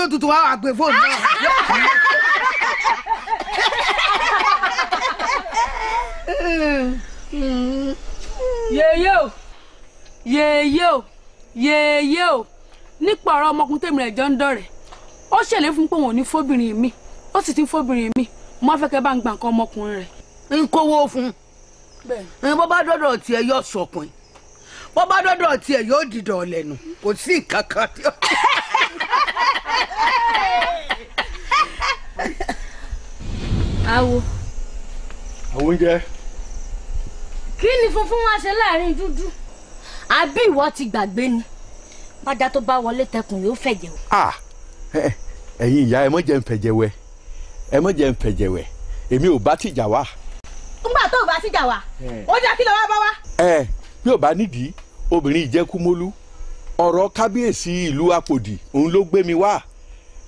gbé tutù wá wà gbé fóònù náà. yèyé o yèyé o yèyé o nípa ọ̀rọ̀ ọmọkùnrin tèmi rẹ̀ jọ ń dọ̀rẹ̀ ó ṣèlérí fún pé ò ní fóbìnrin mi ó sì ti ń fóbìnrin mi mo fẹ́ kẹ́ bá ń gba nǹkan ọmọkùnrin rẹ̀. n kówó fún un bó bá dọ́dọ̀ tiẹ̀ yóò sọkùn bó bá dọ́dọ̀ tiẹ̀ yóò dìdọ̀ lẹ́nu kò sí nǹkan kan tí ó awo. àwọn oúnjẹ. kí ni funfun wá ṣe láàrin dúdú àbí ìwọ ti gbàgbé ni bájá tó bá wọlé tẹkùn yóò fẹ̀jẹ̀ o. ẹ̀yin ìyá ẹ mọ̀ jẹ́ ń fẹ̀jẹ̀ wẹ̀ ẹ mọ̀ jẹ́ ń fẹ̀jẹ̀ wẹ̀ èmi ò bá tìjà wá. nígbà tó o bá tìjà wá ó jẹ́ kí ló wá bá wá. ẹ bí ò bá nídìí obìnrin ìjẹkùmólú ọ̀rọ̀ kábíyèsí ìlú apòdì òun ló gbé mi wá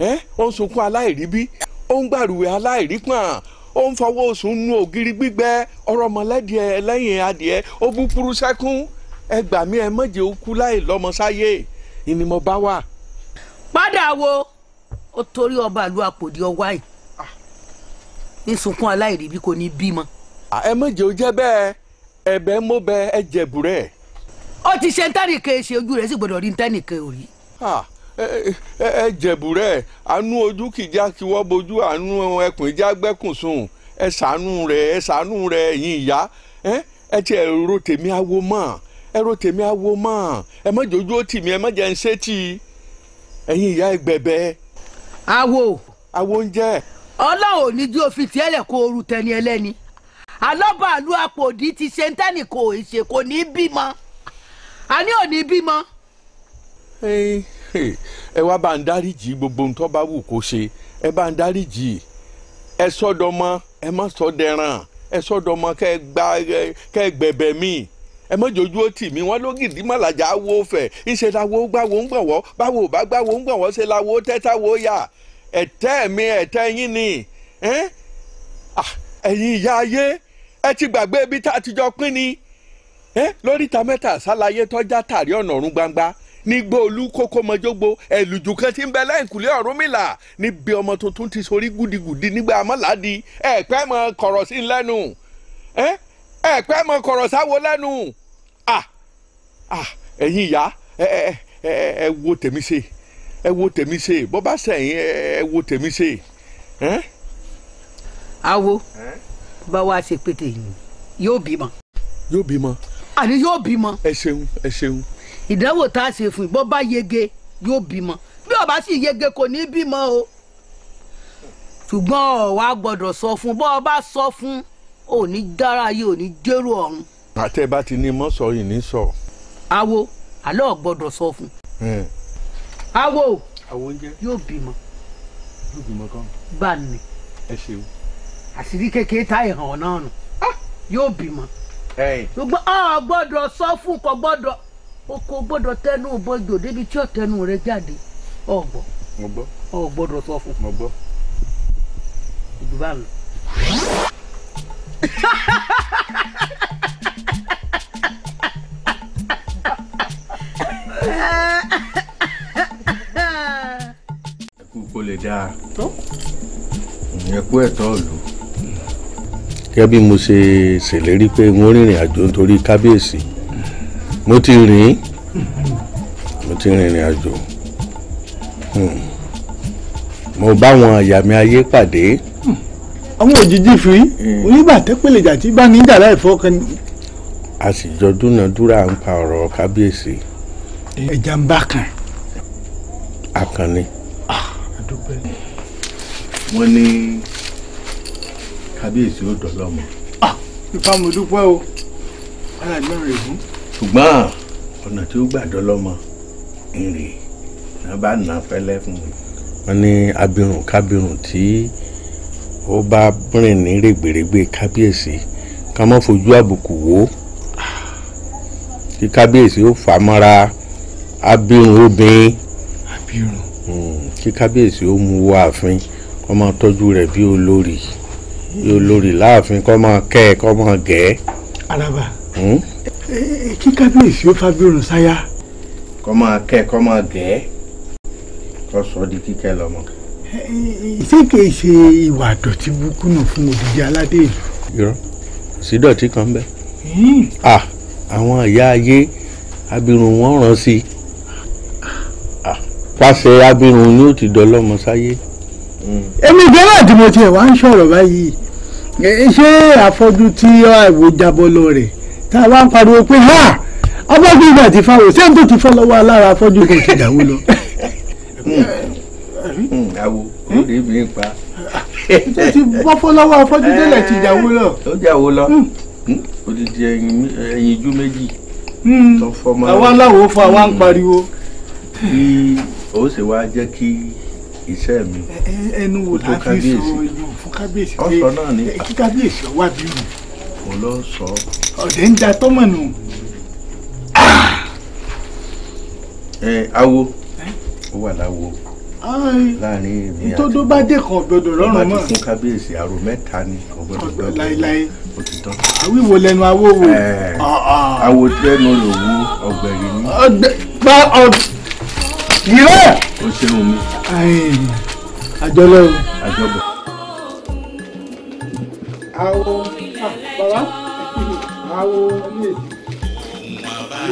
ẹ ó ń sunkún aláìrí bí ó ń gbàrúwẹ aláìrí pọ̀n ó ń fọwọ́ sùn nu ògiri gbígbẹ ọ̀rọ̀ mọ̀lẹ́dìẹ lẹ́yìn adìẹ ó bú purú sẹ́kún ẹ gbà mí ẹ má jẹ́ ó kú láì lọ́mọ sáyé ìní mo bá wà. padà wo ó torí ọba àlú àpòdì ọwá yìí ah, ní sunkún aláìrí bí kò ní bímọ. ẹ má ó jẹ́ bẹ́ẹ̀ ẹ̀bẹ̀ mo bẹ ẹ jẹ̀bù rẹ̀. ó ti ṣe ń tẹ́nìkan ṣe ojú rẹ̀ sì gbọ́dọ̀ rí ń tẹ́nìkan ò ẹ jẹ̀bùrẹ́ àánú ojú kìjà kí wọ́n bojú anu ẹkùn ìjà gbẹ́kùn sùn ẹ ṣàánú rẹ̀ ẹ ṣàánú rẹ̀ ẹ̀yin ìyá ẹ ti ẹ tèmi awo mọ́ ẹ awo mọ́ ẹ má jojú tì mí ẹ má jẹ́ ń awo awo ń ọlọ́run ní oru tẹni ẹlẹ́ni alọ́bàálù ti ṣe ń tẹ́nì kò ní bímọ ẹ wá bá ń dáríjì gbogbo ohun tó bá wù kó ṣe ẹ bá ń dáríjì ẹ sọdọmọ ẹ má sọ dẹran ẹ sọdọmọ kẹ gba kẹ gbẹbẹ mi ẹ má jojú ó tì mí wọn ló gidi má làjà wo fẹ ìṣe làwo gbàwo ń gbọwọ báwo bá gbàwo ń gbọwọ ṣe làwo tẹtàwo yà ẹ̀tẹ́ mi ẹ̀tẹ́ yín ni ẹ̀yin ìyá ayé ẹ ti gbàgbé ibi tá a ti jọ pín ni lórí ta mẹ́ta ṣàlàyé tọ́já tàrí ọ̀nà ọ̀run gbangba nígbà olúkókómọjógbó ẹ̀lùjù kan ti ń bẹ lẹ́yìnkùlé Ọ̀rúnmìlà níbi ọmọ tuntun ti sorí gudigudi nígbà amọ́làdì ẹ̀pẹ́ mọ kọ̀rọ̀ sí lẹ́nu ẹ̀pẹ́ mọ kọ̀rọ̀ sáwo lẹ́nu ẹ̀yin ìyá ẹ wo tèmi ṣe ẹ wo tèmi ṣe bó bá sẹ̀yìn ẹ wo tèmi ṣe. awo bá wa ṣe pété yìí yóò bímọ. yóò bímọ. àní yóò bímọ. ẹ ṣeun ẹ ṣeun ìdánwò tá a ṣe fún ìbọn bá yege yóò bímọ bí ọba sì yege kò ní bímọ o ṣùgbọ́n ọ̀wá gbọ́dọ̀ sọ fún bọ́ ọba sọ fún òní dára yìí òní dérò ọ̀run. àtẹ bá ti ní mọ́ yìí ní sọ. awo àlọ́ gbọ́dọ̀ sọ fún. awo yóò bímọ. yóò bímọ kan. bá a nì. ẹ ṣeun. àṣírí kékeré tá ìhàn náà nù. Ah! yóò bímọ. ṣùgbọ́n ọ̀ gbọ́dọ̀ sọ fún kò gbọ́dọ̀. oko gbọdọ tẹnu bọjọ débi tí ọtẹnu rẹ jáde ọgbọ ọgbọdọ sọ fún un. ọgbọ ìdúrà lọ. ẹkú ẹtọ ọlù. gẹ́gẹ́ bí mo ṣe ṣèlérí pé wọ́n rìnrìn àjò nítorí kábíyèsí mo ti rìn mo ti rìnrìn àjò hmm. mo bá wọn àyàmí ayé pàdé. àwọn òjijì fi hmm. onígbà tẹ́pẹ̀lẹ̀ jà tí bá níjà láì fọkàn. a sì jọ dúnadúrà ń pa ọ̀rọ̀ kábíyèsí. ẹja ń bá kan. akànni. Ah, wọ́n ní kábíyèsí ó dọ̀lọ́mọ. ìfàmùdúpẹ́ ah, o ara ìgbọ́n rẹ̀ fún ṣùgbọ́n ọ̀nà tí ó gbàdọ́ lọ́mọ ìrì náà bá nà fẹ́lẹ́ fún mi. wọ́n ní abirùn kábirùn tí ó bá rìn ní rẹ̀gbẹ̀rẹ̀gbẹ̀ kábíyèsí ká má fojú àbùkù wò ó kí kábíyèsí ó fà á mọ́ra abirùn obìnrin abirùn hmm, kí kábíyèsí ó mú wá àfin kó máa tọ́jú rẹ̀ bí olórí bí olórí láàfin kó máa kẹ́ ẹ kó máa gẹ̀ ẹ́. araba hmm? kí kábíyèsí ó fábíọ̀rùn sáyà. kọ́ máa kẹ́ kọ́ máa gẹ̀ẹ́ kọ́ sọ di kíkẹ́ lọ́mọ. ṣé kìí ṣe ìwà àdọ̀tí burúkú náà fún odidi aládé ìlú. irọ́ sí dọ̀tí kan bẹ́ẹ̀. àwọn ìyá ayé abirùn wọn ràn sí i pàṣẹ abirùn ni ó ti dọlọ́mọ sáyé. èmi ìjọba àti mo tiẹ̀ wá ń sọ̀rọ̀ báyìí ṣé àfọ́jú tí àìwò jábọ́ lọ rẹ̀ tá a wá ń pariwo pé ha abájú ìgbà ti fa òsè tó ti fọ́ lọ́wọ́ alára afọ́jú kò ti dàwó lọ. Hmm, àwo òde mi ń pa. tó ti bọ́ fọ́ lọ́wọ́ afọ́jú tẹ́lẹ̀ ti dàwó lọ. tó dàwó lọ hmm. Hmm, odidi ẹyin ijú méjì. àwa aláwo fún àwa ń pariwo. bí o ṣe wá jẹ́ kí iṣẹ́ mi. ẹnu wo la fi sọ ojú fún kábíyèsí pé kí kábíyèsí ọwọ́ àbí mi. mo lọ sọ ọ́ ọ̀dẹ̀ ń ja tọ́mọ̀ nù. ẹ awo ó wà láwo láàrin èmi àti tó bá dé kan ọ̀gbọ́dọ̀ lọ́rùn mọ́. ọba ti fún kábíyèsí àrò mẹ́ta ni ọ̀gbọ́dọ̀ gbọ́dọ̀ láéláé òtítọ́. àwíwo lẹnu awo wo. awo tẹnu lòwú ọgbẹ̀rì ni. gba ìrẹ́. o ṣeun mi. àjọlọ. àjọbọ. awo ah, bàbá awo ilé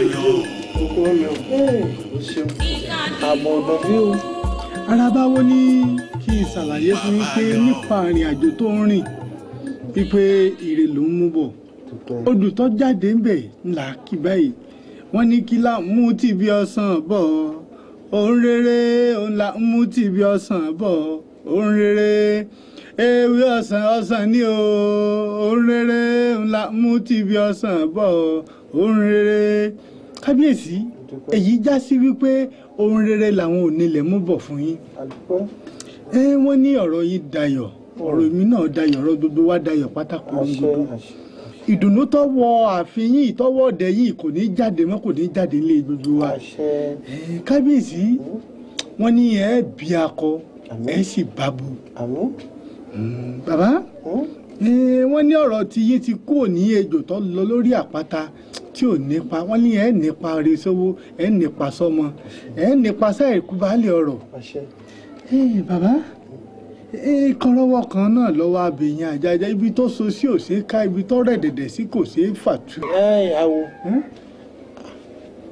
ìlú kókó mi ò ṣeun àbọ̀ ọ̀dọ̀ bí o. arábáwo ní kí n ṣàlàyé fún yín pé nípa àrìn àjò tó ń rìn wípé ire ló ń mú bọ̀ odù tó jáde ńbẹ̀ ńlá kí báyìí wọ́n ní kí lá mú tìbí ọsàn bọ̀ òun rere òun là ń mú tìbí ọsàn bọ̀ òun rere ewé ọ̀sán ọ̀sán ni o òun rere ńlá mú tìbí ọ̀sán bọ̀ òun rere kábíyèsí èyí já sí wípé òun rere làwọn onílẹ̀ mú bọ̀ fún yín ẹ wọ́n ní ọ̀rọ̀ yìí dayọ̀ ọ̀rọ̀ èmi náà dayọ̀ ọ̀rọ̀ gbogbo wa dayọ̀ pátákó gbogbo ìdùnnú tó wọ àfihàn ìtọ́wọ́ ọ̀dẹ yìí kò ní jáde mọ́ kò ní jáde nílé gbogbo wa kábíyèsí wọ́n ní ẹ bí akọ ẹ sì bá bu bàbá hm? wọ́n ní ọ̀rọ̀ tí yín ti kúrò ní ejò tó lọ lórí àpáta tí ò nípa wọ́n ní ẹ̀ nípa rẹ̀ sówó ẹ̀ nípa sọmọ ẹ̀ nípa sẹ́ẹ̀kú baálé ọ̀rọ̀ baba kọ́rọ́wọ́ kan náà lọ́wọ́ abèyàn àjàjà ibi tó so sí ò ṣeé ká ibi tó rẹ̀ dẹ̀dẹ̀ sí kò ṣeé fàtú. ẹ ẹ àwo hm?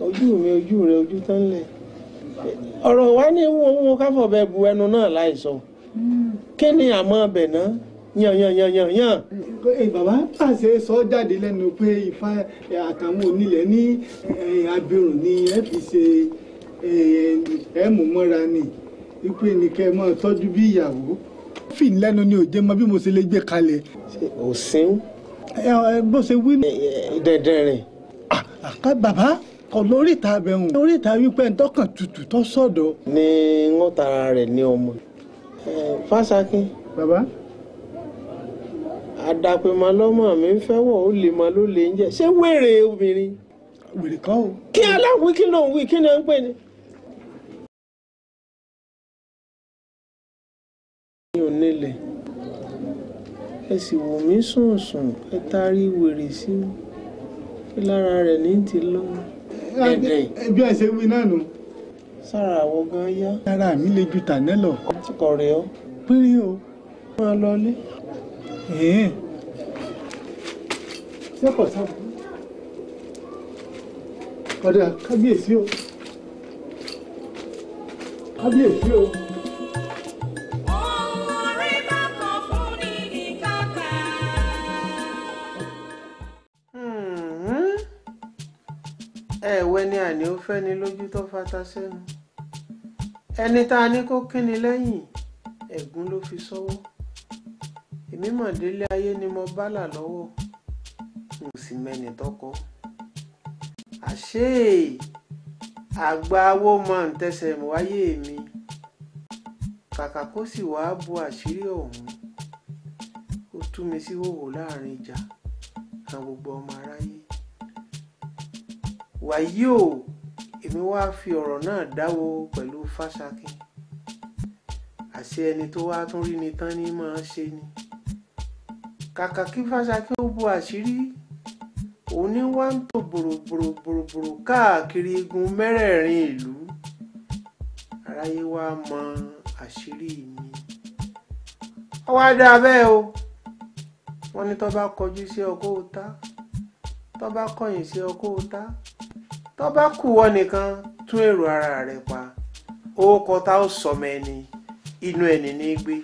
ojú mi ojú rẹ ojú tán lẹ ọ̀rọ̀ wa ni wọn wọn káfọ bẹẹ bu ẹnu náà láì sọ. So kí ni àmọ́ ọbẹ̀ náà yan yan yan yan yan. bàbá pàṣẹ sọ jáde lẹ́nu pé Ifá àtàwọn onílẹ̀ ní abirùn ni ẹ fi ṣe ẹ mú mọ́ra ni ipe nìkẹ́ ẹ máa tọ́jú bí ìyàwó. fì lẹ́nu ni ò jẹ́ mọ bí mo ṣe lè gbé kalẹ̀. òsín. bó ṣe wí. dẹ̀dẹ̀ rẹ̀. àká ah, ah, bàbá kọ lórí ìta abẹ́hùn lórí ìta wípé ntọ́kàn tutù tó sọ̀dọ̀. ni wọ́n tara rẹ̀ ní ọmọ fásakin. bàbá. àdàpèmọ lọmọ mi ń fẹ́ wọ̀ ó lè mọ ló lè ń jẹ ṣé wèrè obìnrin. wèrè kan o. kí aláwí kí ló ń wí kí ni wọ́n ń pè ní. mi ò nílẹ̀ ẹ sì wò mí sùnsùn ẹ taari wèrè sí mi kí lára rẹ̀ ní ti lọ. ẹgbẹ́ ẹ ṣe wí náà nù sára àwọ̀ gan yá. ara mi le ju tàná lọ. ti kọ̀ rẹ̀ ọ́. péré o. máa lọ ilé. sẹ́kọ̀ sábà. ọ̀dà kábíyèsí o. kábíyèsí o. Hmm. ẹ̀wẹ́ ni àní ó fẹ́ ni lójú tó fata sẹ́nu ẹni tá a ní kó kíni lẹ́yìn ẹ̀gún ló fi sọ́wọ́ èmi mọ̀ délé ayé ni mo bá là lọ́wọ́ mo sì mẹ́ni tọkọ àṣé àgbà awo máa ń tẹsẹ̀ wáyé mi kàkà kó sì wáá bu àṣírí ọ̀hún ó tú mi sí hòhò láàrin ìjà kan gbogbo ọmọ aráyé wàyí o èmi wá fi ọ̀rọ̀ náà dáwó pẹ̀lú fásakin àṣé ẹni tó wá tún rí ni tán ní máa ṣe ni kàkà kí fásakin ó bu àṣírí òun ní wá ń tò bòròbòròbòròbòrò káàkiri igun mẹ́rẹ̀ẹ̀rin ìlú aráyé wá mọ àṣírí mi ó wá dáa bẹ́ẹ̀ o wọ́n ní tó bá kọjú sí ọkọ̀ òta tó bá kọ̀yìn sí ọkọ̀ òta tó bá nìkan tún èrò ara rẹ pa ó kọ tá ó sọmọ ẹni inú ẹni ní gbé.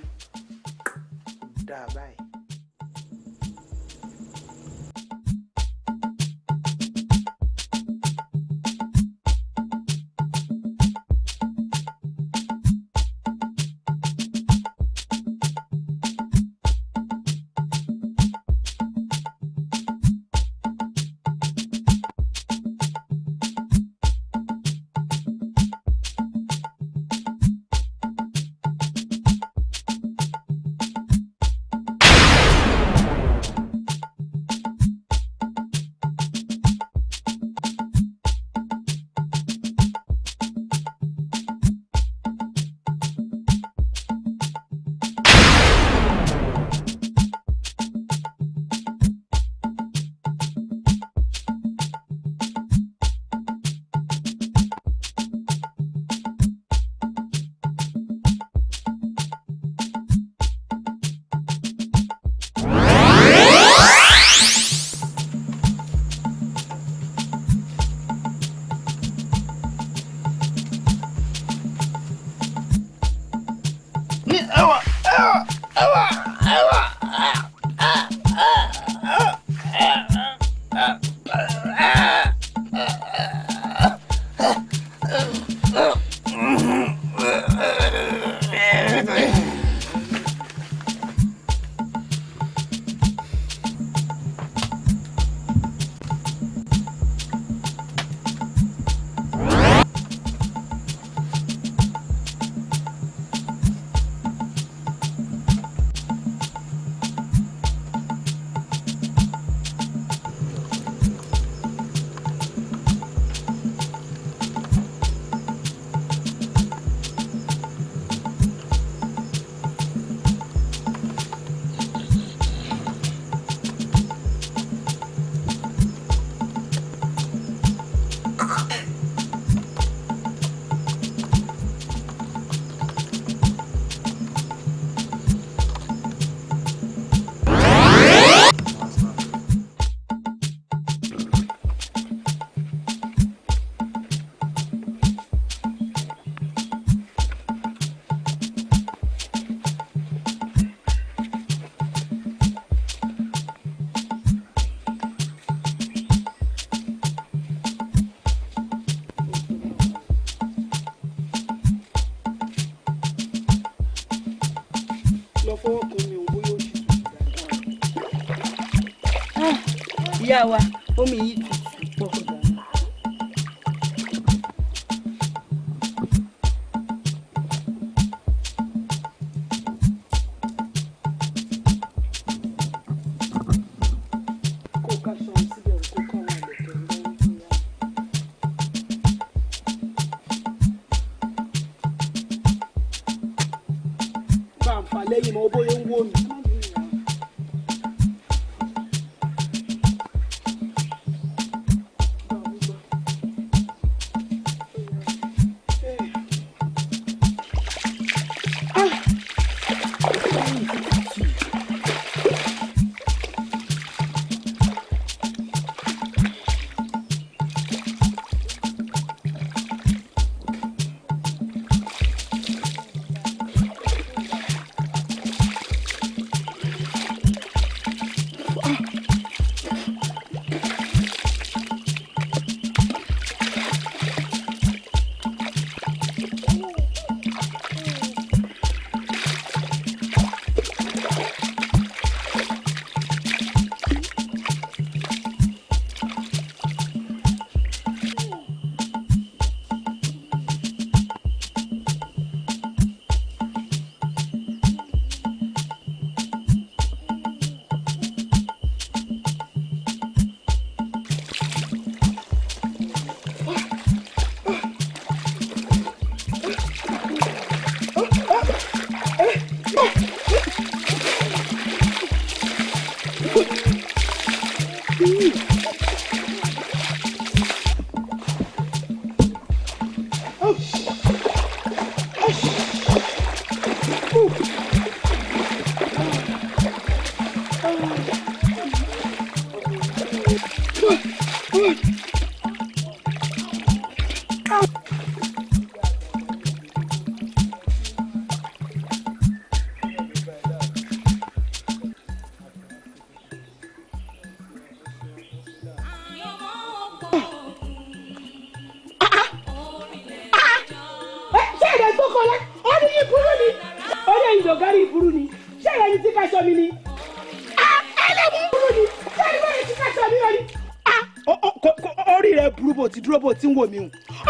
ń wò mí o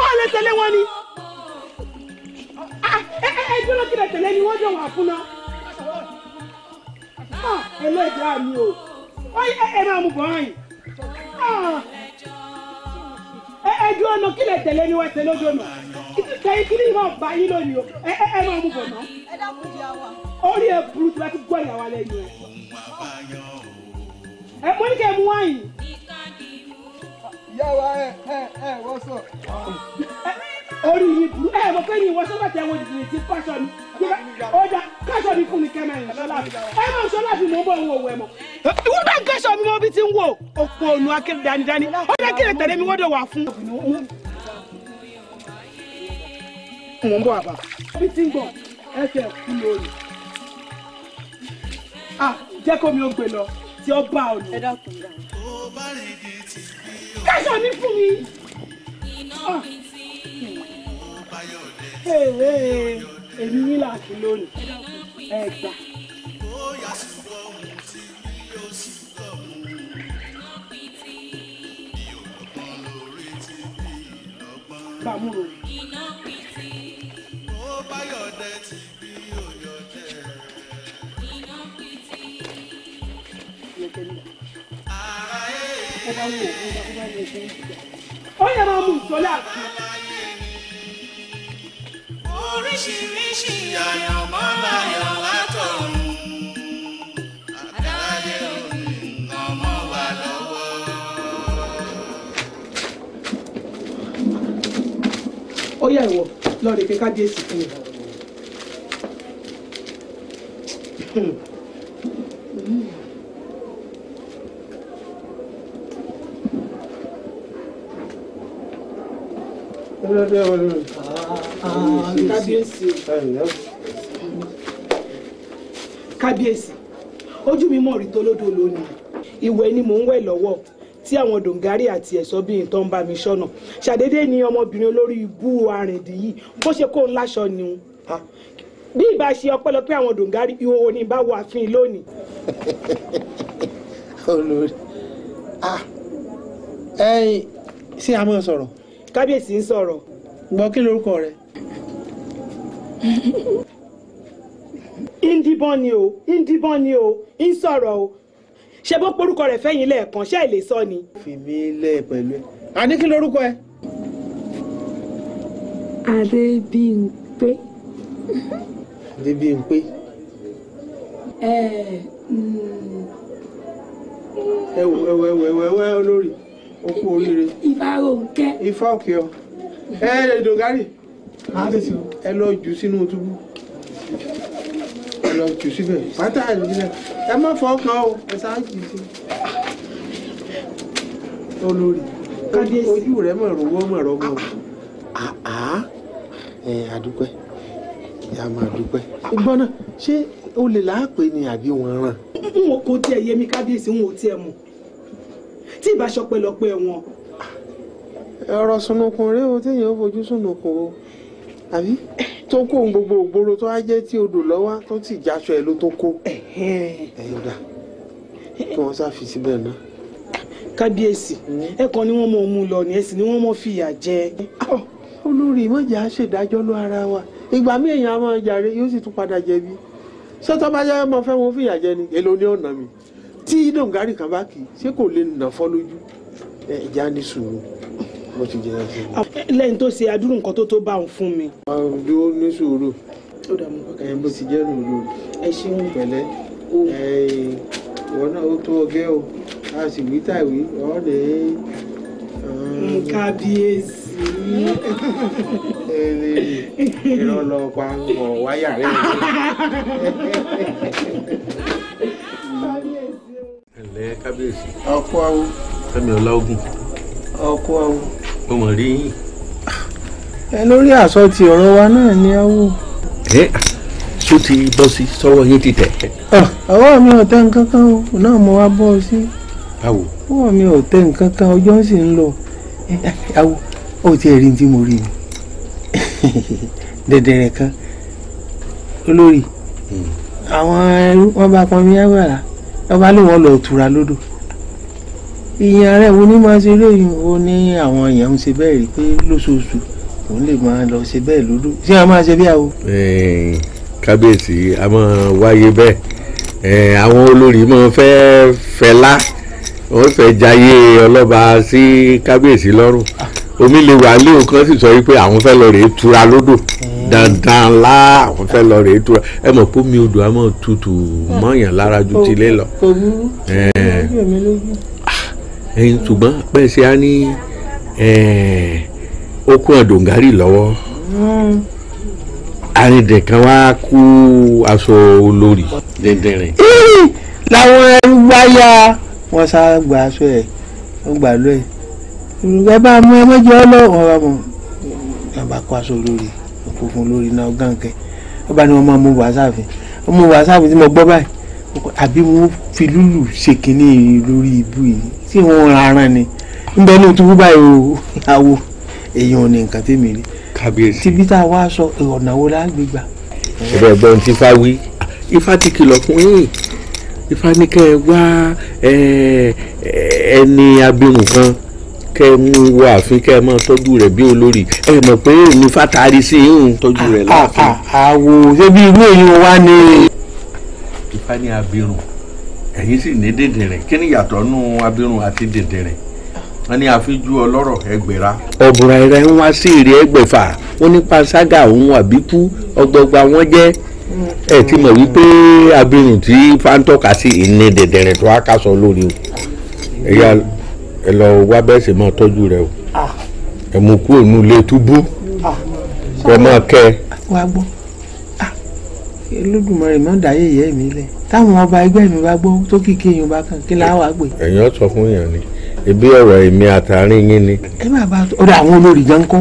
ọ lè tẹ̀lé wọn ni ah, ẹ ẹ gbọ́dọ̀ kí lè tẹ̀lé ni wọ́n jọ wà fún náà ah, ẹ lọ ìdá mi o ẹ máa mú bọ̀ ọ̀hìn ah, ẹ ẹ ju ọ̀nà kí lè tẹ̀lé ni wọ́n tẹ̀lé ojú ọ̀nà kẹ́yìn kí ni ìmọ̀ bá yín lónìí o ẹ ẹ máa mú bọ̀ náà orí ẹ burú tí wọ́n ti gbọ́ ìyàwó alẹ́ yìí o. ti pàṣọ mi ọjà pàṣọ mi fún mi kẹmẹ ẹ sọlá fi ẹ máa sọlá fi mọ bọ òun òwò ẹ mọ. ìwọ bá gẹṣọ mi mọ bí ti ń wò òpó ònù akéde dánidáni ọjà kéde tẹ̀lé mi wọ́dọ̀ wà fún. mò ń bọ̀ àbá bí ti ń bọ̀ ẹsẹ̀ kú lórí. ah jẹ́ kó mi ó gbé lọ tí ó bá ọ̀nà. ẹ dákun fún mi èmi yín láti lónìí ẹ gbà. gbàmúrò. ó bá yọ̀dẹ tí bí ó yẹ kí mú ìsọlẹ̀ àti oríṣiríṣi àyànmọ́ láyàn látọ̀run. ó yà ìwọ lọ́ọ̀rẹ́ pé kábíyèsí fún mi. Thank you kábíyèsí kábíyèsí ojú mi mọ̀ rí tolódo lónìí ìwẹ̀ ni mò ń wẹ̀ lọ́wọ́ tí àwọn dòǹgárì àti ẹ̀sọ́ bíi nǹkan ń bá mi ṣọ́nà ṣàdédé ni ọmọbìnrin olórí ibú arìndí yìí bó ṣe kó ń láṣọ ni bí ìbá ṣe ọpẹ́lọpẹ́ àwọn dòǹgárì ìhòòhò ni bá wọ àfin lónìí. olórí ẹyin ṣé a máa sọ̀rọ̀. kábíyèsí ń sọ̀rọ̀. gbọ́ kí lorúkọ rẹ̀ indibọn ni o indibọn ni o ń sọ̀rọ̀ o ṣe bó porúkọ rẹ̀ fẹ́yìn lẹ́ẹ̀kan ṣé àìlè sọ ni. fèmí lẹ pẹ̀lú àní kí lorúkọ ẹ. adébímpé. adébímpé. ẹ ẹ wò ẹ wò ẹ wò ẹ wò ẹ olórí o kú oríire. ifá ronke. ifá òkè ọ ẹ ẹ dògárì ẹ lọ jù sínú túbú ẹ lọ jù síbẹ̀ pátá ìlúbílẹ̀ ẹ má fọ́ kan o ẹ sá jù sí olórí ojú rẹ mọ̀ rówó mọ̀ rọmọ o. Ah, ah. ẹ adúpẹ́ ìyá máa dúpẹ́. ìgbọ́n náà ṣé olè láàpẹ ni àbí wọn ràn. n ò kó tiẹ̀ yé mi kábíyèsí n ò tiẹ̀ mọ̀ tí ìbáṣọpẹ́ lọ pé wọn. ọ̀rọ̀ sunukun rèé o téèyàn ó fojú sunukun o àbí tó kó ohun gbogbo ògbóró tó wá jẹ́ tí odò lọ́wọ́ tó ti jáṣọ ẹ̀ ló tó kó ẹ̀yìn ọ̀dà kí wọ́n sá fi síbẹ̀ náà. kábíyèsí hmm. ẹ̀kọ́ ni wọ́n mọ̀ mú lọ ní ẹ̀sìn ni wọ́n mọ̀ fìyà jẹ. olórí ìmọ̀jà ṣèdájọ́ ló ara wa ìgbà mí èèyàn á máa jàre yóò sì tún padà jẹ̀bi sọ́tọ́ bá yá ọmọ fẹ́ wọn fìyà jẹ ni èlò ní ọ̀nà mi tí dòǹgárì kan bá kì í ṣé kò lè nà fọ́ lójú ẹ̀ já ní sùúrù ó ti jìnnà sí i. lẹ́yìn tó ṣe adúrú nǹkan tó tó bá òun fún mi. àdó ní sùúrù ẹ bó ti jẹ́ lòlù ẹ ṣeun pẹ̀lẹ́ ìwọ náà ó tó ọgẹ́ o a sì wí tàwí ọ̀ lè. kábíyèsí irọ́ lọ pa ọ̀ wáyà rẹ̀. ẹ̀lẹ́ kábíyèsí. ọkọ awo. fẹ́mi ọláògùn. ọkọ awo mo mọ̀ rí yín. ẹ lórí àsọtì ọ̀rọ̀ wa náà ni a wò. ẹ ṣó ti bọ́ sí sọ́wọ́ yín ti tẹ̀. ọwọ́ mi ò tẹ nǹkan kan o náà mo wá bọ́ ọ sí. báwo. ọwọ́ mi ò tẹ nǹkan kan ọjọ́ sì ń lọ. àwo ó ti ẹ̀rí tí mo rí ni dẹ̀dẹ̀rẹ̀ kan olórí hmm. àwọn ẹrú wọn bá pọn mi yá wàrà wọn bá lé wọn lọ tura lódò ìyẹn rẹ̀ wo ni máa ṣe lóyún o ní àwọn èèyàn ń ṣe bẹ́ẹ̀ rí pé lóṣooṣù òun lè máa lọ ṣe bẹ́ẹ̀ lódò ṣé a máa ṣe bí àwo. Eh, kábíyèsí a máa wáyé bẹ́ẹ̀ eh, àwọn olórí máa fẹ́ fẹlá wọ́n fẹ́ jayé ọlọ́ba sí kábíyèsí lọ́rùn omi lè wà lé òkan sì sọ wípé àwọn fẹ́ lọ rèé tura lódò dandan lá àwọn fẹ́ lọ rèé tura ẹ mọ̀ pé odò a máa tutù mọ́yàn lára ju tilé lọ ẹyin ṣùgbọ́n pẹ́ẹ́sì á ní okun ọ̀dọ̀ngárì lọ́wọ́ àrìndẹ̀ hmm. kan wá kú aṣọ olórí dẹ́ndẹ́rìn. làwọn ẹrú wáyà wọn sá gba aṣọ ẹ wọn gbà lọ ẹ ìrùbẹ́ bá mú ẹ mẹ́jọ ọlọ́wọ́ wọn bá wọn bá kó aṣọ olórí òkú olórí náà gànkẹ́ wọn bá wọn máa mú wàsáàfin wọn mú wàsáàfin tí mo gbọ́ báyìí àbí wọ́n fi lúlù ṣe kínní lórí ibú yìí tí wọ́n rárán ni nbẹ ní ìtúbú báyìí o àwo èèyàn ò ní nǹkan tèmi rí kábíyèsí tibí tá a wá sọ ọ̀nà wo la gbé gbà. ẹ̀rọ ẹ̀gbọ́n ti fa wí ifá ti kìlọ̀ fún yín ifá ní kẹ́ ẹ wá ẹni abirùn kan kẹ́ ẹ mú wọ ààfin kẹ́ ẹ máa tọ́jú rẹ̀ bí olórí ẹ mọ̀ pé èmi fátàrí sí yín tọ́jú rẹ̀ ah, ah, láàfin. àwo ah, ṣé bí irú èyí wá ni. Ifá ní abirùn ẹ̀yin sì ní dèdèrìn kí ni yàtọ̀ nù abirùn àti dèdèrìn wọ́n ní àfijú ọlọ́rọ̀ ẹgbẹ̀ra. ọ̀bùrà ẹ̀rẹ̀ ń wá sí ìrè ẹgbẹ̀fà ó nípa ságà òun àbíkú ọgbọgba wọn jẹ́ ẹ̀ tí mọ̀ wípé abirùn tí fáńtọ́ka sí ìní dèdèrìn tó wá kásọ lórí o ẹ̀yà ẹ lọ wá bẹ́ẹ̀ sì máa tọ́jú rẹ o ah. ẹ̀ mú kúrò nílé túbú kẹ́ ah. máa kẹ́ ẹ. Olódùmarè má dáyé ìyá mi lẹ táwọn ọba ẹgbẹ́ mi bá gbọ́ tó kíkẹ́ yín bá kàn kí láwàá gbé. èèyàn sọ fún yàn ni ebi ọ̀rọ̀ èmi àtàrin yín ni. ẹ má bá ọ̀dọ̀ àwọn olórí gan kọ́.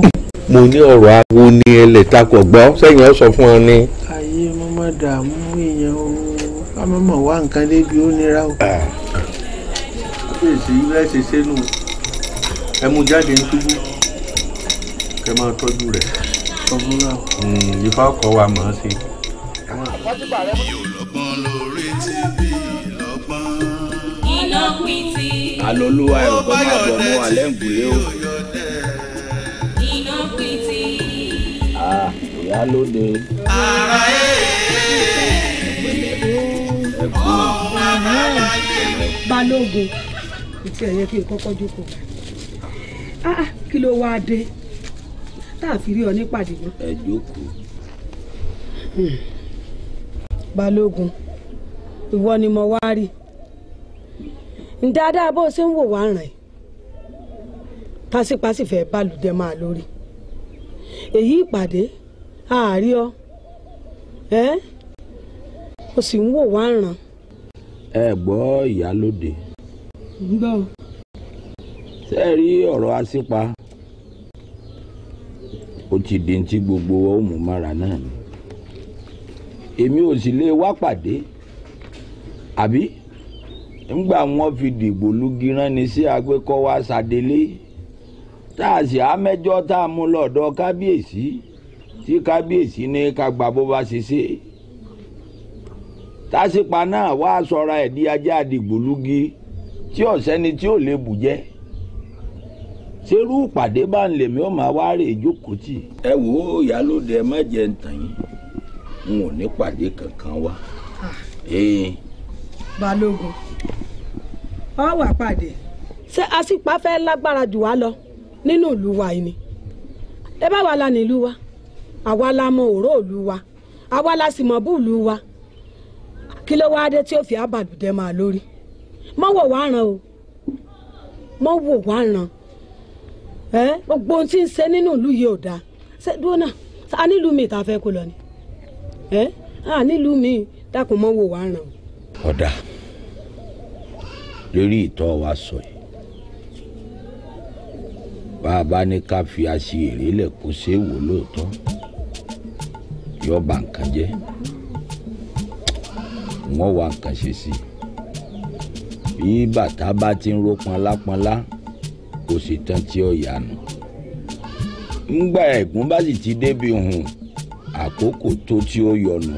mo ní ọ̀rọ̀ awo ni ẹlẹ́ta kò gbọ́ sẹ́yìn ọ sọ fún ọ ni. ayé mo má dààmú èèyàn o ká má mọ̀ wá nǹkan débi ó nira o. fèsì ah. rẹ ṣe sẹ́nu ẹ mú jáde ní túbú kẹ máa tọ́jú rẹ̀. Hmm, ìfọwọ́kọ̀ wa mọ̀ ọ́n sí i bí ọlọ́gbọ́n lórí ti bí ọlọ́gbọ́n. ìnákwìtì. alolúwa ẹ̀ ọ̀gbọ́n máa bọ̀ mọ́ alẹ́ ìgbìlẹ̀ o. ìnákwìtì. ìyá lóde. ara ẹ̀ balógun ìtì ẹ̀yẹ kí n kọ́kọ́ jókòó ah, ah, kí ló wáá dé tá a fi rí ọ nípàdé. ẹ jókòó. Hmm. balógun ìwọ ni mo wá rí dáadáa bó o ṣe ń wò wá rìn pásípàsí fẹ́ bálùdẹ máa lórí èyí ìpàdé àárí ọ ẹ o sì ń wò wá ràn. ẹ gbọ́ ìyálóde. gbọ́. ṣé ẹ rí ọ̀rọ̀ aṣípa ó ti di ti gbogbo ọmọ mara náà ni. èmi ò sì lè wá pàdé àbí ńgbà wọn fi dìgbò lugi ránni sí agbẹ́kọ̀ wa sadélé tá a sì ámẹ́jọ́ tá a mú lọ́dọ̀ kábíyèsí tí kábíyèsí ní ká gba bó bá ṣe ṣe tásìpa náà wá sọra ẹ̀dí ajá àdìgbò lugi tí ọ̀sẹ́ni tí ò lè bù jẹ́ ṣerú ìpàdé bá ń lèmi ó máa wá tì. ẹ wo ìyálòde ẹ má jẹ ntàn yín n ò ní pàdé kankan wá. Ah. Eh. balógun ọ wà pàdé. ṣé àṣìpá fẹ́ lágbára jù wá lọ nínú ìlú wa yìí ni ẹ bá wa la nílùú wa àwa la mọ òró ìlú wa àwa la sì mọ búùlù wa kí ló wáá dé tí ó fi àbàdùdẹ máa lórí mọ wò wá ràn o mọ wò wá ràn ẹ gbogbo ohun tí ń ṣe nínú ìlú yìí ò dáa ṣé dúró náà a nílùú mi ìta fẹ́ kó lọ ni ẹ à nílùú mi dákun mọ́ wò wá ràn. ọ̀dà lórí ìtọ́ wa sọ yìí bá a bá ní ká fi aṣèrè lẹ̀ kó ṣe é wò lóòótọ́ yọ ba nǹkan jẹ́ wọ́n wá nǹkan ṣe sí bí bàtà bá ti ń ro pọnlápọnlá kò sì tán tí ó yanu ńgbà ẹ̀gún bá sì ti débi hùn. àkókò tó tí ó yọnu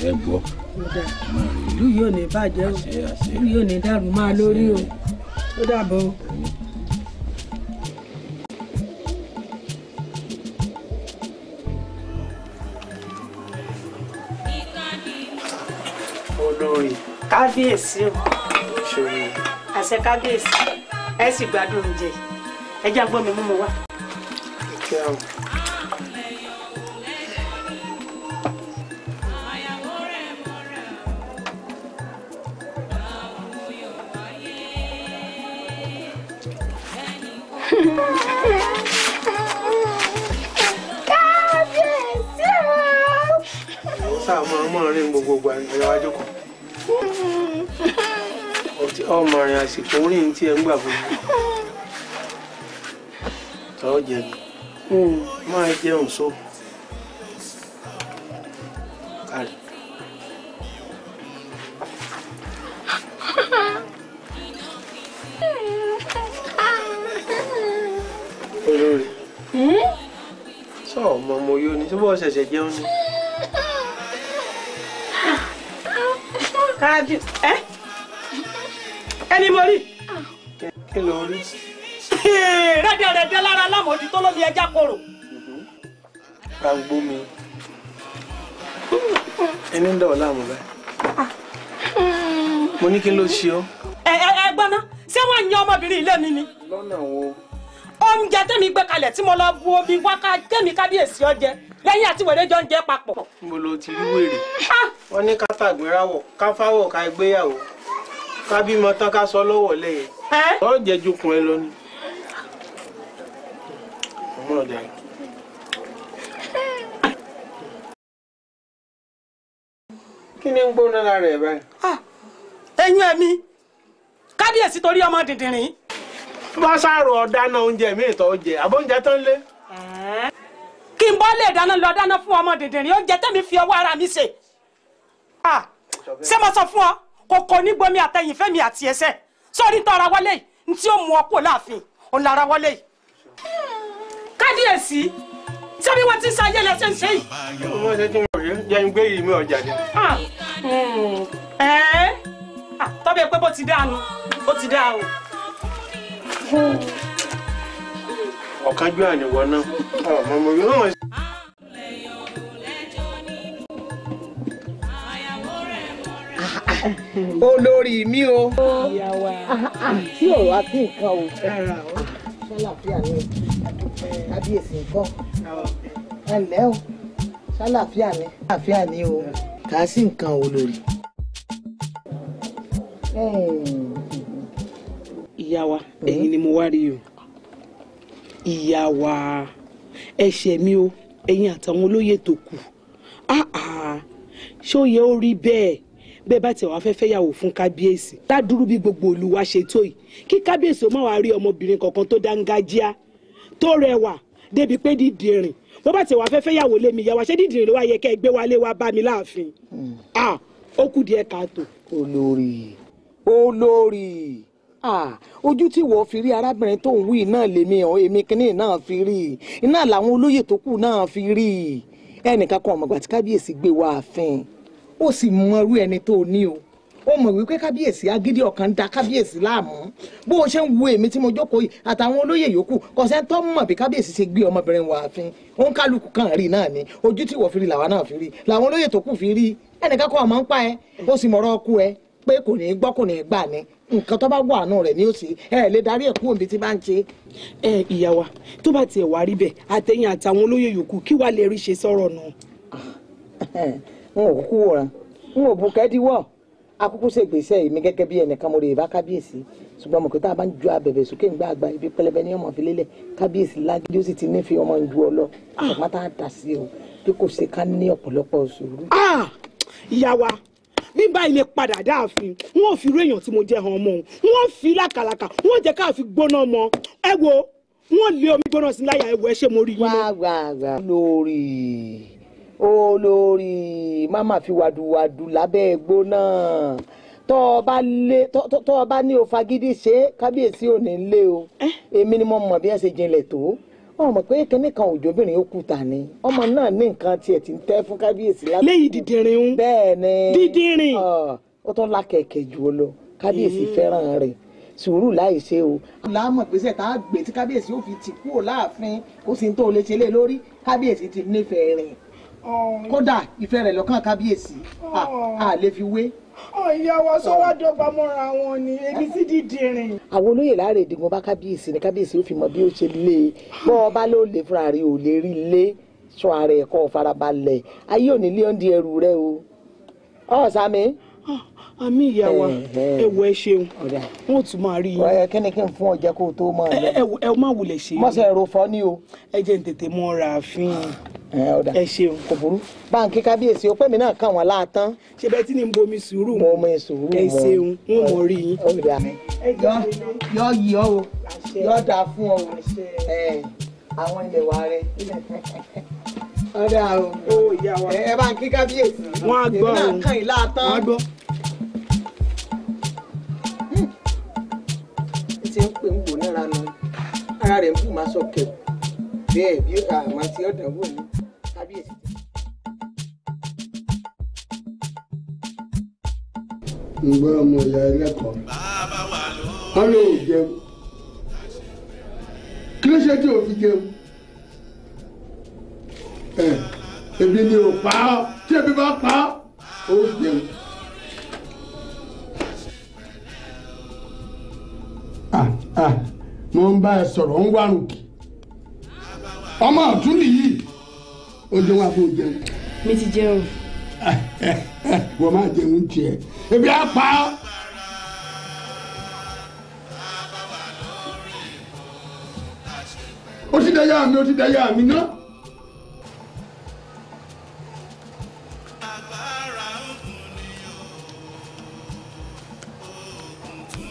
ẹ gbọ́. ìlú yóò ní bàjẹ́ o ìlú yóò ní dàrú máa lórí o ó dàbọ̀ o. kábíyèsí o àṣẹ kábíyèsí ẹ sì gbádùn oúnjẹ ẹ jẹ́ àgbọ̀n mi mú mi sáà máa mọ̀ rìn gbogbo àyàwájú kan ọmọ rìn àsìkò rìn tí ẹ ń gbà gbogbo tọ́ jẹ hmm, máa jẹun so kárí. olórí hmm? sọ ọmọ mo yóò ní tí bọ́ọ̀ ṣẹ̀ṣẹ̀ jẹun ni. káàdì ẹ ẹni mo rí. kí ló rí. rẹ́dẹ̀rẹ́dẹ́ lára lámòdì bi eja koro korò. mi eni ń dọ̀wọ́ ah. mo ní kí ẹ ẹ ẹ gbọ́ná ṣé wọ́n yan ọmọbìnrin mi ni. lọ́nà wo. oúnjẹ tẹ́mi gbé kalẹ̀ tí mo lọ bu omi wákà tẹ́mi kábíyèsí ọ lẹ́yìn àti wèrè jọ ń jẹ́ papọ̀. mo lọ ti rí wèrè. wọ́n ní kátàgbéráwọ̀ káfáwọ̀ ká gbéyàwó ká bímọ tán ká sọ lọ́wọ́ lẹ́yìn. ọ jẹ́ jokun ẹ lọ ni. ọmọ ọ̀dà yìí. kí ni ń gbóná lára ẹ báyìí. ẹyin ẹ̀mí kábíyèsí torí ọmọ dìndìnrín. tó bá ṣàrò ọ̀dá náà oúnjẹ mi ìtọ́ oúnjẹ àbóúnjẹ tó ń lé. kí n bọ́ lè dáná lọ dáná fún ọmọ dìndìnrín oúnjẹ tẹ́mi fi ọwọ́ ara mi ṣe ah, ṣé mo sọ fún ọ kòkò ní gbomi àtẹyìn fẹmi àti ẹsẹ sórí tọra wọlé yìí tí ó mú ọ kó láàfin òun lára wọlé yìí. kábíyèsí ṣé ti sa ayẹlẹ ṣe ń ṣe yìí. mo ṣe tí mo rí jẹ́ ń gbé yìí mi ọjà dé. tọ́bẹ̀ pé bó ti dáa nu bó ti dáa o. Hmm ọ̀kánjú àníwọ náà ọmọ mi yóò mọ̀ sí. olórí mi o. ìyàwó tí ò wá sí nǹkan o. ṣàlàfíà ni kábíyèsí nǹkan ẹ o ṣàlàfíà ni ṣàlàfíà ni o kà á sí nǹkan olórí. ìyá wa hmm. ẹ̀yin ni mo wá rí o ìyá wa ẹ̀ṣẹ̀ mi o ẹ̀yin àtàwọn olóyè tó kù ṣé ó yẹ ó rí bẹ́ẹ̀ bẹ́ẹ̀ bá tiẹ̀ wá fẹ́ fẹ́yàwó fún kábíyèsí ládùúrú bí gbogbo olùwà ṣe tó yìí kí kábíyèsí ó má wá rí ọmọbìnrin kankan tó dángájíá tó rẹwà débi pé dídì rìn bó bá tiẹ̀ wá fẹ́ fẹ́yàwó lémi yẹ ṣé dídì ló wá yẹ kẹ́ ẹ gbé wálé wá bá mi láàfin hmm. ó kù díẹ̀ káàtó. olórí olórí Ah, ojú tí wọ́n fi rí arábìnrin tó ń wí náà lèmi ọ̀ èmi kínní náà fi rí iná làwọn olóyè tó kù náà fi rí ẹnìkan kan ọmọ ìgbà tí kábíyèsí gbé wá ààfin ó sì mọrú ẹni tó ní o ó mọ̀ wípé kábíyèsí agídí ọkàn ń da kábíyèsí láàmú bó o ṣe ń wo èmi tí mo jókòó yìí àtàwọn olóyè yòókù kọ̀sẹ́ tó mọ̀ bí kábíyèsí ṣe gbé ọmọbìnrin wá ààfin ó ń kálukú kan rí náà ni ojú tí wọ́n fi rí làwa náà fi rí làwọn olóyè tó kù fi rí ẹnìkan kan ọmọ ń pa ẹ ó sì mọ̀rọ̀ ọkú ẹ pé kò ní gbọ́ kò ní gbà ní nǹkan tó bá wà nù rẹ̀ ní òsì ẹ lè darí ẹ̀kú òbí tí bá ń ṣe. ẹ ìyá wa tó bá tiẹ̀ wá rí bẹ́ẹ̀ àtẹ̀yìn àtàwọn olóyè yòókù kí wàá lè rí ṣe sọ̀rọ̀ nù. n ò kúkú wòran n ò bu kẹ́díwọ̀ akúkú ṣe gbèsè mi gẹ́gẹ́ bí ẹnìkan mo lè bá kábíyèsí ṣùgbọ́n mo kì tá a bá ń ju abẹ̀bẹ̀ sókè ń gbà àgbà ibi pẹlẹbẹ ní ọmọ fi lélẹ̀ kábíyèsí lágídí ó sì ti nífẹ̀ẹ́ ọmọ ń ju ọ lọ àpáta ah! dà sí o bí kò ṣe ká ní ọ̀pọ̀lọpọ̀ sùúrù. Ah! ìyá wa bí báyìí lè padà dáàfin wọn ò fi irú èèyàn tí mo jẹ́ hàn ọmọ òun wọn fi lákàlàkà wọn jẹ́ káàfin gbóná ọmọ ẹ wo wọn lé omi gbóná sí láyà ẹ wo ẹ ṣe mo rí yín náà. wá wá wá lórí mama fi wàdùwàdù lábẹ́ ẹgbó náà tọ́ ọ bá ní o fagídí ṣe kábíyèsí ò ní lé o èmi ni mo mọ̀ bí ẹ ṣe jinlẹ̀ tó wọn mọ̀ pé kinní kan òjòbìnrin ó kú ta ni ọmọ náà ní nǹkan tiẹ̀ ti ń tẹ́ fún kábíyèsí láti. léyìí dídìrín ń bẹ́ẹ̀ ni dídìrín ó tún lákẹ̀kẹ̀ jù ú lọ kábíyèsí mm. fẹ́ràn rẹ̀ sùúrù láì ṣe o. láàmú ìgbésẹ̀ tá a gbé tí kábíyèsí ó fi tì kúrò láàfin kó sì ń tó lè ṣe lé lórí kábíyèsí ti nífẹ̀ẹ́ rẹ̀ kódà ìfẹ́ rẹ̀ lọ́kàn kábíyèsí à lè fi wé ìyá wa sọ́wọ́ mọ́ra wọn ni èmi sì dìde rìn. àwọn olóyè láàrè ìdìbò bá kábíyèsí ni kábíyèsí ó fi mọ bí ó ṣe lé e bọ́ ọba ló lè fúnra rí ò lè rí lé sọ ara ẹ̀kọ́ farabalẹ̀ ayé ò ní lé ọ́ndì ẹrù rẹ o. ọ̀ sami. àmì ìyá wa ẹwọ ẹ ṣeun wọn ò tún máa rí yín. ọ̀rẹ́ kíni kí n fún ọjà kó o tó máa lọ. ẹ ẹ má wulẹ̀ ṣe. má ṣe èrò fọ́ ni o. ẹ jẹ́ n tètè mọ́ ra àfin. ẹ ṣeun kò burú. báńkì kábíyèsí o pé mi náà kàn wọ́n láàtán. ṣe bẹ́ẹ̀ tí ni n bomi sùúrù mọ́. bomi sùúrù mọ́ ẹ ṣeun n ò mọ rí yín. yọ yí ọ o yọ da fún ọ àwọn ilẹ̀ wa rẹ. ọ̀dà o ẹ bá ń kí kábíyèsí wọn á gbọ́ o kan ìlà tán á gbọ́. Hm. ní ti ń pè ń gbò náírà nù ara rẹ̀ ń bù máa sọ kẹ̀wù bẹ́ẹ̀ bí àmọ́ tí ọ̀dà wò ní kábíyèsí. ǹgbọ́n ọmọ ìyá ẹlẹ́kọ̀ọ́ wọ́n lè jẹun kí ló ṣe tí o fi jẹun ebi ni o pa ọ tí ebi bá pa ọ ó jẹun. mo ń bá ẹ sọ̀rọ̀ ń wá rùkì ọmọ ọ̀tún nìyí ó jẹun àbò jẹun. mi ti jẹun. wọ́n máa jẹun tiẹ̀ ebi á pa ọ́. ó ti dẹ́yà mi ó ti dẹ́yà mi náà.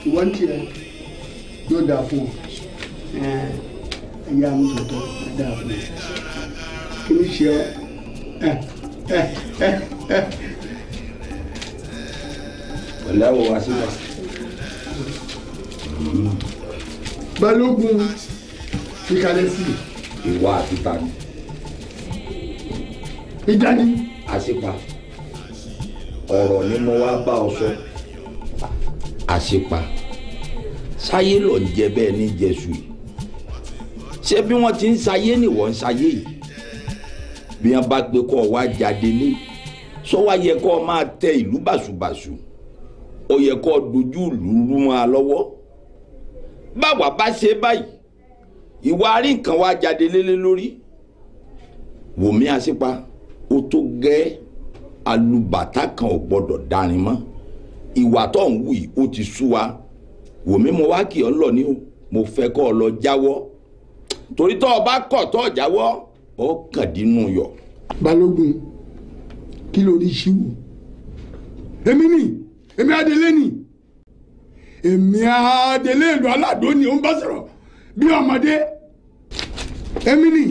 ìwọ́n tiẹ̀ yóò dáa fún ọ ẹ̀yà amútọ̀tọ̀ dáa fún ọ kí ni ṣe ọ ẹ ẹ ẹ ẹ. pẹ̀lú àwọn wa síbẹ̀. balógun kíkalẹ̀ sí. ìwà àti tani. ìjà ni. àṣepa ọ̀rọ̀ ni mo wá bá ọ sọ àṣepa sáyé lọ ń jẹ bẹ́ẹ̀ ní jésù yìí ṣé bí wọ́n ti ń sáyé nìwọ ń sáyé yìí bí wọ́n bá pé kó o wá jáde ní sọ wá yẹ kó o máa tẹ ìlú bàṣùbàṣù ó yẹ kó o dojú ìlú rú mọ́ a lọ́wọ́ báwa bá ṣe báyìí ìwà àrí nǹkan wá jáde lélẹ̀ lórí wòmí àṣepa ó tó gẹ́ alùbàtà kan ò gbọ́dọ̀ dárin mọ́ ìwà tó ń wù yìí ó ti sú wa wòmí mo wá kì ọ́ ń lọ ní o mo fẹ́ kọ́ ọ lọ jáwọ́ torí tó o bá kọ̀ tó o jáwọ́ ó kàn dínú yọ. balógun kí ló rí ṣíwù èmi ni èmi adelé ni èmi adelé ìlú aládò ni ó ń bá sọ̀rọ̀ bí ọmọdé èmi ni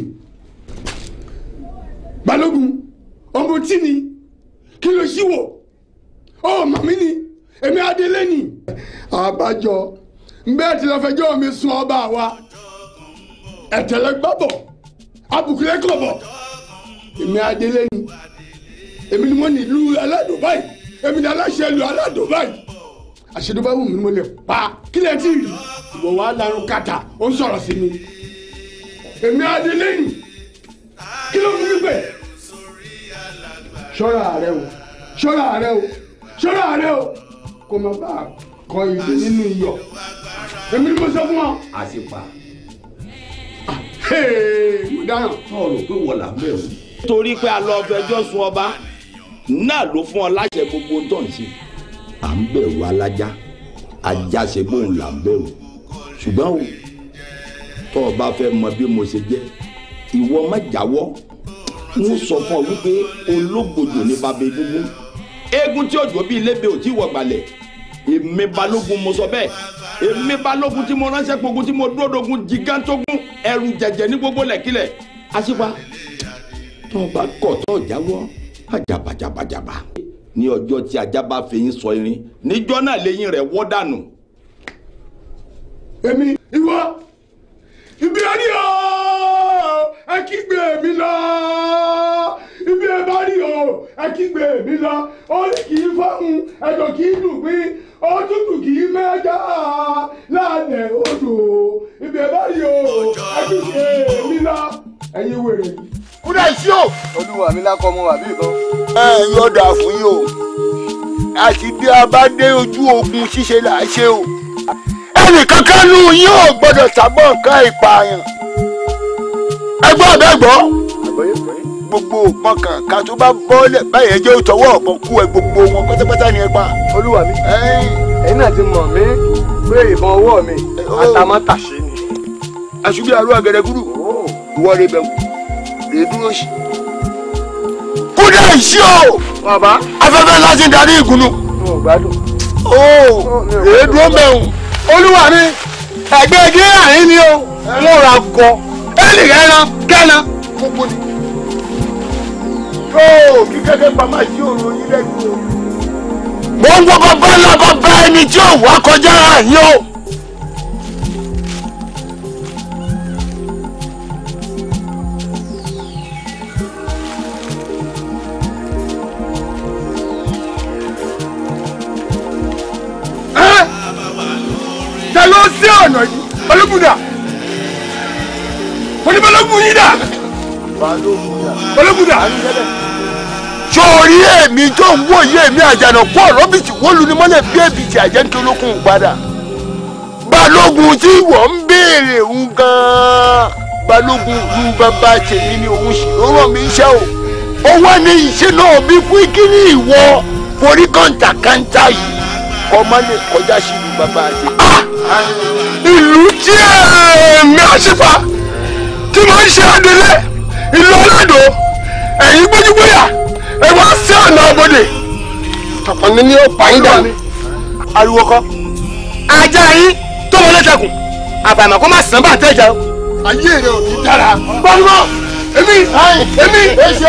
balógun ọmọ tí ni kí ló ṣíwò ọ màmí ni èmi adélé nì. àbájọ nbẹ́ ti lọ fẹjọ́ mi sun ọba wa ẹ̀tẹ̀lẹ̀ gbábọ̀ abùkúlẹ̀ kọ̀bọ̀ èmi adélé nì èmi ni mo ní ìlú aládùn báyìí èmi ni aláṣẹ ìlú aládùn báyìí àṣedọ́bá wù mí mo lè pa kílẹ̀ tí ì ìwọ wa larun kàtà ó ń sọ̀rọ̀ sí mi èmi adélé nì kí ló ń gbígbẹ́ ṣọ́ra rẹ o ṣọ́ra rẹ o ṣọ́ra rẹ o kó má bàa kọ ìlú nínú iyọ̀ èmi ni mo sọ fún ọ. àṣepa. Ah, mo dáràn. sọ̀rọ̀ pé wọ́n là ń bẹ̀rù. torí pé a lọ fẹjọ́ sun ọba náà ló fún ọ láṣẹ gbogbo tó ń ṣe. à ń bẹ̀rù alájá ajá ṣe gbóhùn là ń bẹ̀rù ṣùgbọ́n o tó o bá fẹ́ mọ bí mo ṣe jẹ́ ìwọ má jáwọ́ n sọ fún ọ wípé ológbòjò ní bàbá eégún tí òjò bíi lébè ò tí wọ̀ gbalẹ̀ èmi balógun mo sọ bẹ́ẹ̀ èmi balógun tí mo ránṣẹ́ pogun tí mo dúró dogun jigantogun ẹrù jẹjẹ ní gbogbo lẹ́kílẹ̀ àṣìpa tó bá kọ̀ tó jáwọ́ àjàbàjàbàjàbà ní ọjọ́ tí ajá bá fẹ̀yìn sọ irin níjọ́ náà lẹ́yìn rẹ̀ wọ́ dànù. èmi ìwọ ìbí ẹni ọ ẹ kígbe mi lọ ibi ẹ bá rí o ẹ kígbe mi lọ orí kì í fọ́hún ẹ̀dọ̀ kì í dùn pín òtútù kì í mẹ́jà lálẹ́ odò ibi ẹ bá rí o ẹ kígbe mi lọ ẹ̀yin wèrè. kúdà sí o. olúwa mi lákọ ọmọ wàbí ìbọn. ẹ ẹ yọ̀dà fún yín o àti bí a bá dé ojú ogun ṣíṣe là á ṣe o ẹnìkankan nù yín ò gbọdọ̀ sábọ̀ nǹkan ìpààyàn ẹgbọ́n bẹ́ẹ̀ gbọ́ gbogbo òpọn kan ká tó bá bọ́lẹ̀ báyìí ẹjẹ́ ò tọwọ́ ọ̀pọ̀ kú ẹ gbogbo wọn pátápátá ni ẹ pa. olúwa mi ẹ̀yin náà ti mọ̀ mí pé ìbọn ọwọ́ mi àtàmọ́tàṣe ni. àṣùbí àrùn àgẹ̀dẹ̀ gúrù ìwọ rẹ bẹ̀rù rẹ dúró sí. kúndà ìṣí o. bàbá. afẹ́fẹ́ láti darí ìgúnnu. mo gbádùn. o rẹ dúró bẹ̀rù. olúwa mi ẹgbẹ́ gíláàrin ni o mo ra gọ ẹnì kẹ́ran kẹ́ran gbogbo ni tó kí kẹ́kẹ́ pa máa yí òòrùn yín lẹ́nu o. mo ń wo bàbá ńlá bàbá ẹni tí ò wá kọjá yìí o. ta ló sí ọ̀nà yìí balógun mo ní balógun yìí dà balógun dà sórí èmi tó ń wò yé èmi àjànà kó rọ́bìtì wọ́lu ni mọ́lẹ̀ bí èbìtì àjẹ́ nítorí olókùn padà balógun tí wọ́n ń béèrè ń gan-an balógun lu bàbá tèmi ni òun sì ló ràn mí iṣẹ́ o ó wá ní iṣẹ́ náà bí fún kíní ìwọ forí kàńtàkàńtà yìí ọmọ lè kọjá sí ìlú bàbá tèmi. Ah! ìlú tí èmi eh, àṣìfà tí màá ṣe adelé ìlú ọlọ́dọ̀ ẹ̀yìn gbójúgbóyà ẹ wá sí ọ̀nà ọbọdè ọ̀nà ni ó pa yín dànù. ariwo kọ ajá yín tó wọn lẹ́sẹ̀kùn àbàmọ̀ kó má sàn bá àtẹ̀jà o. ayé rẹ ò ní dára. gbọ́dọ̀ èmi èmi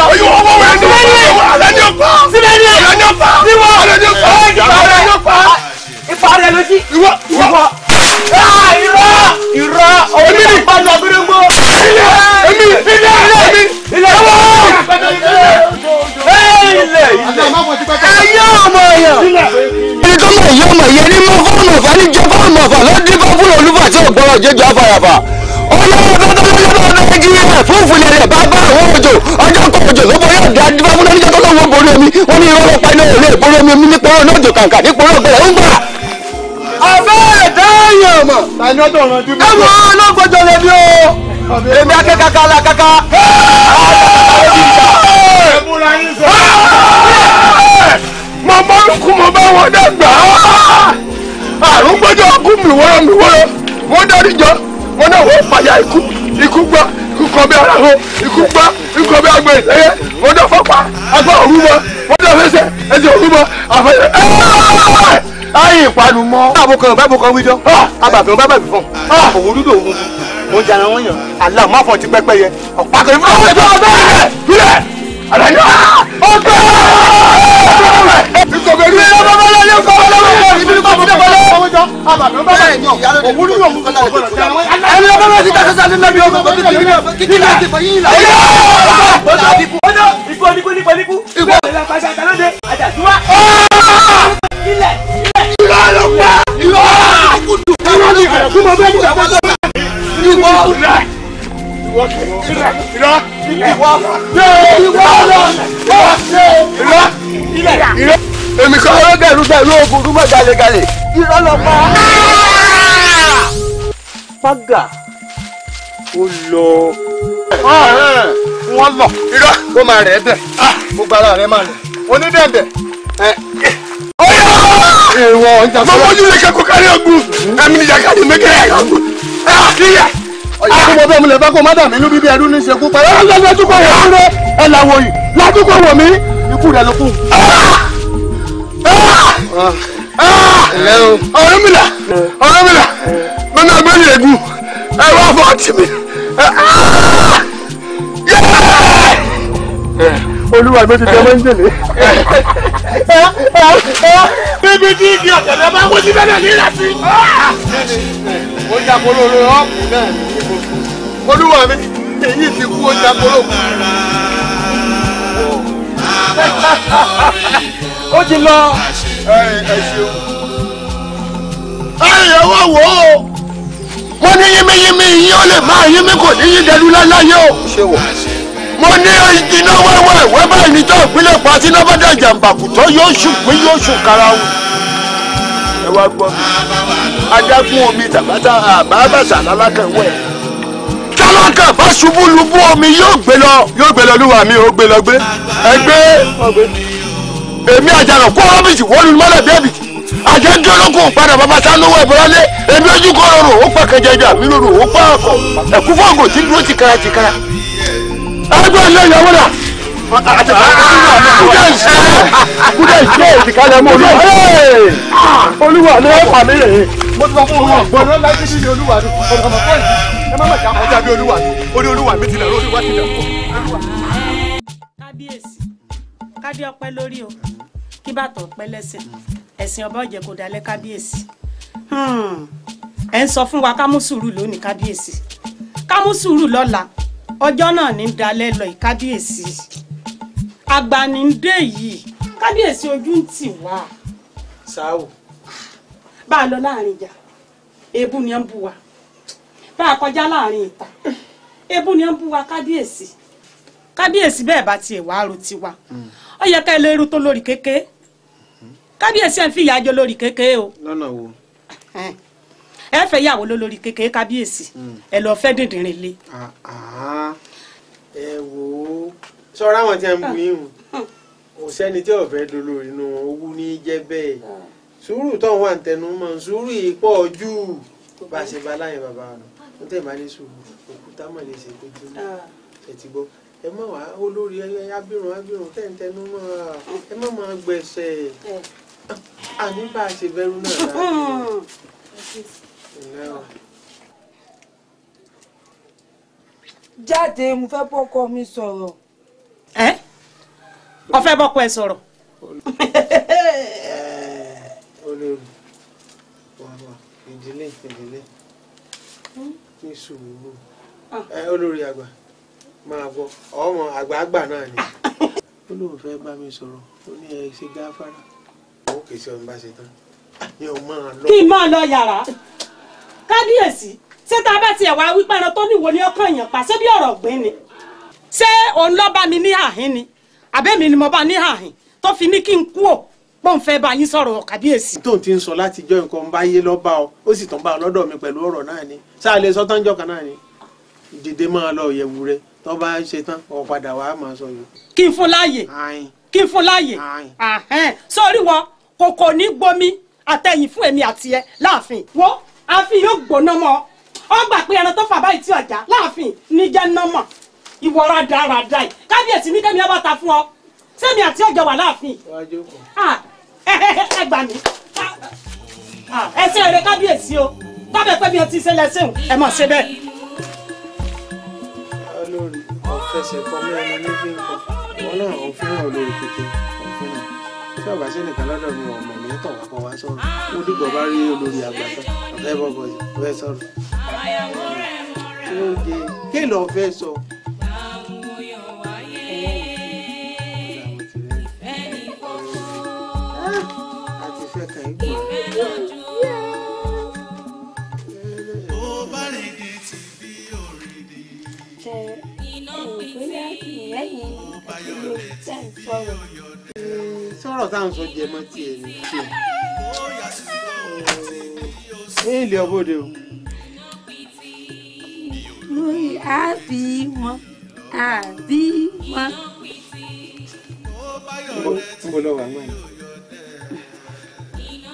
oyún ọwọ́ wẹ̀ ẹni ọ̀pá ọ̀rẹ́ ni ọ̀pá sílẹ̀ ni ọ̀rẹ́ ni ọ̀pá ọ̀rẹ́ ni ọ̀pá ọ̀rẹ́ ni ọ̀pá ìfọ̀ rẹ̀ lójú ìwọ ìwọ irọ́ irọ́ orí ọ̀pá lọ gbẹdẹgbọ. ilé èmi ilé èmi ilé ẹwọ. ilé ilé ayé ọmọ yẹn. ìdíkọ́mọ̀ ìyá ọmọ yẹn ní mọ́kànlá ọ̀fà ní jẹ́ fọ́ọ̀mù ọ̀fà ló dín fọ́fúnlẹ̀ olúfà tí ògbọ́rọ̀ jẹjọ afárafà. ọlọ́wọ́ bàbá nàìjíríà fúnfún ilẹ̀ rẹ̀ bàbá àwọn òjò ọjọ́ kọ̀ òjò ló bọ́ yóò dá dífá fún ẹni jẹ́ tó lọ́wọ́ borí omi wọ́n ní irọ́ lọ́pàá iná òòlù ìborí omi mi nípa ọ̀nà òjò kàǹkà nípa ọ̀nà ọ̀gbẹ̀rẹ̀ ń gbà ọ̀fẹ́ ẹ̀dá èèyàn mọ̀. ẹ wo ọlọ́gbọ́jọ lè ní o. èmi akẹ́kẹ́ kala kaka. mo mọ orúkú mo bá wọn dàgbà. àrùn gbọ́jọ́ kú mi wọ́rọ́ mi wọ́rọ́ wọ́n dárí jọ wọ́n náà wọ́n fàyà ikú ikú gbọ́ ikú kọ́ bí ara wọn ikú gbọ́ ikú kọ́ bí agbẹ̀ ìlẹ́yẹ wọ́n dá fọ́pá agbá òru mọ́ wọ́n dá fẹsẹ̀ ẹsẹ̀ òru mọ́ àfẹ́yẹ ayi ìpanu mọ́. àbùkọ bábùkọ wíjọ abàfẹ́ bábàbí fún òwò dúdú òwò mo ń jẹun àwọn èèyàn àlà má fọ ti pẹ́pẹ́ yẹ ọ̀pá kan ìfúnná fún ẹjọ́ ọ̀dọ́ rẹ̀ fílẹ̀ àlàyé ọ̀dọ́ rẹ̀ ìsọ̀bẹ̀rù ìyá bàbá yẹn ní ọkọ̀ ọlọ́wọ́ ìyá ìbí ní kọ́kọ́ bàbá yẹn ọjọ́ àbàfẹ́ bàbá yẹn òwò dúdú òwò kọ́kọ́ lọ́wọ́ ìjọ ẹni ọba bá ti dàgbà sáré lẹ́bi ọgbà tó ti di ní ọgbà kíkí láti fọ yín ìlà. ọjọ́ ìgbọ́ nígbó nígbó nígbó. ìgbọ́ èmi kan ló dẹ̀rú dẹ̀rú ogun rúmọ̀ galegale irọ́ lọ pa. fágà ó lọ. wọ́n lọ irọ́ kó máa rẹ̀ bẹ̀ gbogbo ara rẹ̀ máa rẹ̀ onídẹ̀ẹ̀dẹ̀. ọ̀yọ́ mọ̀ mọ́jú lè kẹ́kọ̀ọ́ kárí ogun ẹ̀mí nìyà kárí mẹ́kẹ́ ẹ̀yà ogun àti bẹ́ẹ̀ mo lè bá kó má dà mí ní bíbí ẹdún ní ìṣekú pẹ̀lú ẹ̀ lọ́dúnkọ̀ mí rẹ̀ ẹ̀ yìí lọ́dúnkọ̀ wọ̀ mí ikú rẹ̀ ló kù. ọ̀rẹ́ mi là ọ̀rẹ́ mi là mẹ́ta gbẹ́lì ègún ẹ wá fọ́ ọtí mi. olúwa mi ti jẹ́ mẹ́ńdèlé. bíbí tí igi ọ̀tẹ̀ lẹ́ bá wọ́n sí bẹ́ẹ̀ ní sí. ó jà polówó ọ̀pù náà olúwa mi èyí ti kú ó jagoro kù. ó ti lọ. ẹ ẹ ṣeun. ẹyẹ wọ wò ó mo ní yínmíyínmí yín ó lè máa yínmí kò ní yín dẹnu láláyé o. mo ní iná wẹ́wẹ́ ìwé báyìí ní tó ìpínlẹ̀ pa tí náà bá dá jàǹbàkù tó yóò ṣùpín yóò ṣùkàrà o. ẹ wá gbọ́ mi adágún omi tàbátà àbábàṣà lálákàn wẹ̀ alákàn bá ṣubú lubú omi yóò gbé lọ yóò gbé lọ olúwa mi ò gbé lọ gbé ẹ gbé èmi àjànà kó rọ́bìtì wọ́n lu mọ́lẹ̀ débìtì àjẹjẹ ológun padà bàbá sanwó ìbúrọ́lé èmi ojú kọ́ rọrùn ó pàkẹ́ jẹjẹ àmì lòrò ó pa ọkọ̀ ẹ̀kú fọ́ọ̀gù tí dúró tìkara tìkara. ẹgbẹ́ ilé ìyàwó rà kúdẹ̀ ìṣe kúdẹ̀ ìṣe ìdìkalẹ̀ mọ́ olúwa olúwa ló wà mí rè mo ti sọ fún olúwa gbọ́dọ̀ láti ṣíṣe olúwa ni ọ̀dọ̀ mọ̀ fún ìdí ẹ má má jà kọjá bí olúwa mi orí olúwa mi ti nà olúwa ti nà. kábíyèsí kádé ọpẹ́ lórí o kí bàtà ọpẹ́ lẹ́sẹ̀ ọba ọjẹ kò dalẹ̀ kábíyèsí hmm. ẹ ń sọ fún wa ká mú sùúrù lónìí kábíyèsí ká mú sùúrù lọ́la ọjọ́ náà ní dalẹ̀ lọ ìkábíyèsí agbanindé yìí kábíyèsí ojú ń tì wá. sáà o. bá a lọ láàrin ìjà èébú ni ó ń bú wa tá a kọjá láàrin ìta ebú ni ó ń bú wa kábíyèsí kábíyèsí bẹ́ẹ̀ bá tiẹ̀ wá ro tiwa ó yẹ ká ẹlẹ́rú tó lórí kéke kábíyèsí ẹ̀ ń fi ìyájọ́ lórí kéke o. lọ́nà wo. ẹ fẹ́ yàwó ló lórí kéke kábíyèsí hmm. ẹ lọ fẹ́ dìndìnrín lé. ẹ wò ó sọ́ra àwọn tí a ń bu yín o hmm. kò sẹ́ni tí ọ̀fẹ́ dolórí inú wọn owó ní jẹ́ bẹ́ẹ̀ hmm. sùúrù tó wà ń tẹnu mọ́ sùúrù ìpọ̀ ojú bá a ṣe bá láyìn bàbá rẹ̀ ń tẹ̀ máa ní sùúrù òkúta mọ̀ lè ṣe pété ah. ẹ ti gbọ́ ẹ mọ̀ wá olórí ẹyẹ abirùn abirùn tẹ̀ǹtẹ̀nu mọ̀ ẹ mọ̀ máa gbẹ̀sẹ̀ àní bá a ṣe bẹ̀rù náà láàbò. jáde mo fẹ́ bọ́kọ mi sọ̀rọ̀. ẹ ọ fẹ́ bọ́kọ ẹ sọ̀rọ̀. olórí wàá wà ìdílé ìdílé. Hmm? ní sùúrù ah. ẹ olórí àgbà máa bọ ọmọ àgbààgbà náà ni. ó lóun fẹ́ bá mi sọ̀rọ̀ ó ní ẹ ṣe gáfárà. àwọn kèsì ọ̀hún bá ṣe tán ni òun máa lọ. kí n máa lọ yàrá kábíyèsí ṣé tá a bá tiẹ̀ wá wípé ẹran tó níwò ni ọkàn èèyàn pa ṣé bí ọ̀rọ̀ ọ̀gbìn ni. ṣé òun ló bá mi ní àhín ni àbẹ́mi ni mo bá ní àhín tó fi ní kí n kú pọ́n fẹ́ bá yín sọ̀rọ̀ kábíyèsí. tó ti ń sọ láti jọ nǹkan bá yé lọ bá ọ ó sì tún bá ọ lọ́dọ̀ mi pẹ̀lú ọ̀rọ̀ náà ni sáà lè sọ tán jọ kan náà ni dìde máa lọ yẹ̀wù rẹ tó bá ṣe tán ọ padà wàá máa sọ yìí. kí n fún láàyè kí n fún láàyè sórí wọn kòkò ní gbomi àtẹ̀yìn fún èmi àti ẹ láàfin wo àfin yóò gbóná mọ́ ọ gbà pé ẹran tó fà báyìí tí ọjà láàfin níjẹ́ ná mọ̀ ìwọ rádaràdà yìí kábíyèsí ní kẹ́mi ẹ sẹ́mi àti ọjà wà láàfin. wájú kọ. Ah ẹ gbà mí ẹsẹ̀ rẹ kábíyèsí o tábẹ̀ pẹ́ bí ọtí ṣe lẹ́sìn ẹ mọ̀ ṣe bẹ́ẹ̀. olórí ọ̀fẹsẹ̀ kọ́ mọ́ ẹni ní fi ń kọ́ wọn náà ò fẹ́ràn olórí kékeré ò fẹ́ràn tí ọ̀bà sí nìkan lọ́dọ̀ mi ọ̀mọ̀ mi tọ̀ wá kọ́ wá sọ̀rọ̀ ó dìgbò bá rí olórí àgbàtà ọ̀fẹ́ bọ̀bọ̀ yìí ọ̀fẹ́ sọ̀rọ̀ kí ló dé kí ló fẹ́ sọ. sọ̀rọ̀ tá à ń sọ jẹ mọ́ tiẹ̀ ní tiẹ̀ ní ilé ọbọdẹ o. lórí àbí wọn àbí wọn. n bolo wà ń gbà yín.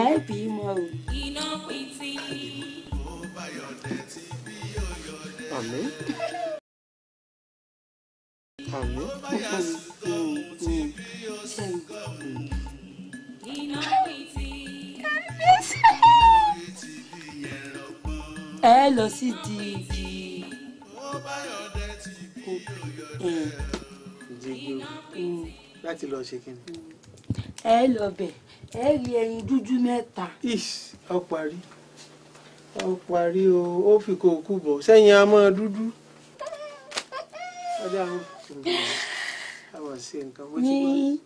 ẹ bí mọ o. iná pitì. àmín. àmín. iná pitì. ẹ lọ sí di igi. láti lọ ṣe kí ni. ẹ lọ bẹ̀ ẹ rí ẹyin dúdú mẹ́ta. ish ó parí ó parí o ó fi kòkú bọ̀ sẹ́yìn a máa dúdú. ní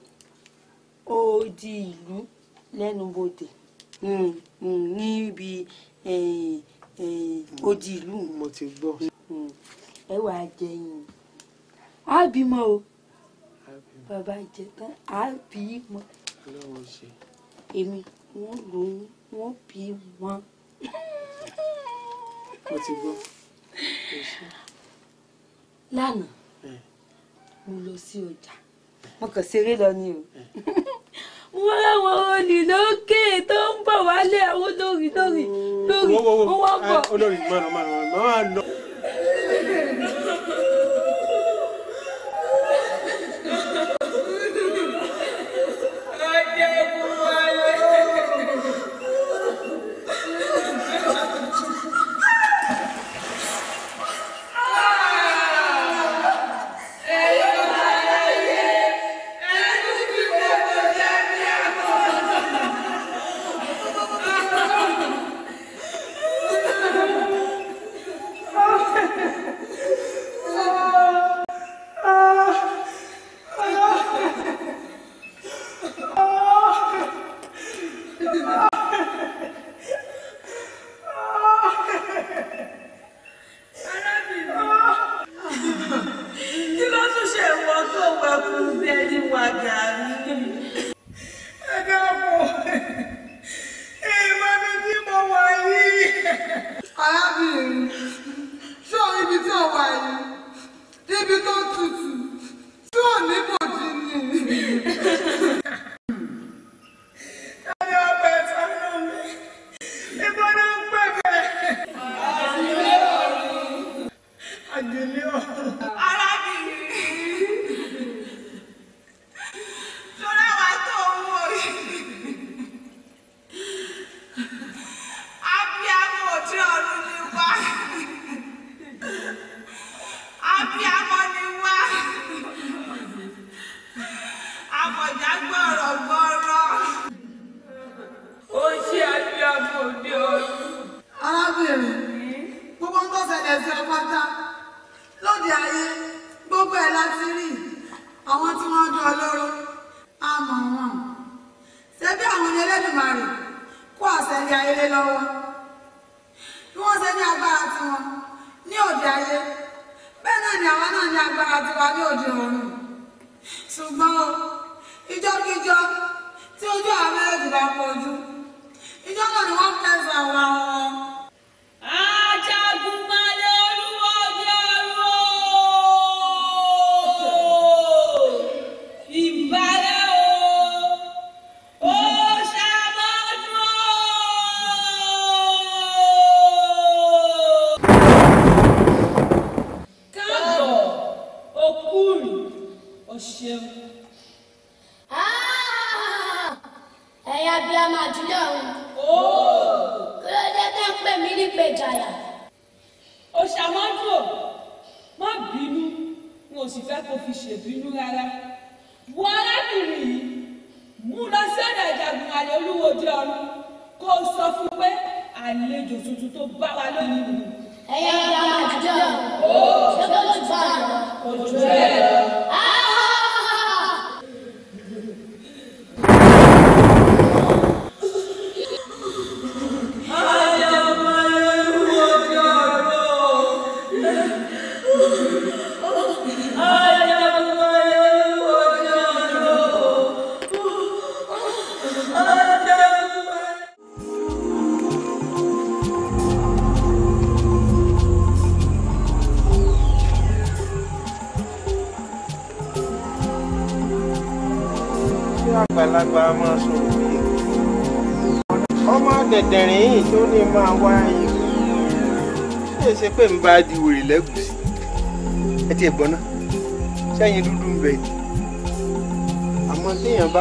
odi ìlú lẹ́nubodè hmm, hmm, níbi eh, eh, odi ìlú. mo ti gbọ́. Hmm, jẹyìn á o bàbá ìjẹta á bímọ. ọlọ́run èmi wọ́n lóyún wọ́n bí wọn. mo ti gbọ́ lánàá mo lọ sí ọjà mo kàn ṣeré lọ ni o mo ráwọn olè lókè tó ń bọ̀ wálé àwọn olórí lórí lórí wọ́n wá bọ̀. olórí mọ̀nà mọ̀nà mọ̀nà lọ.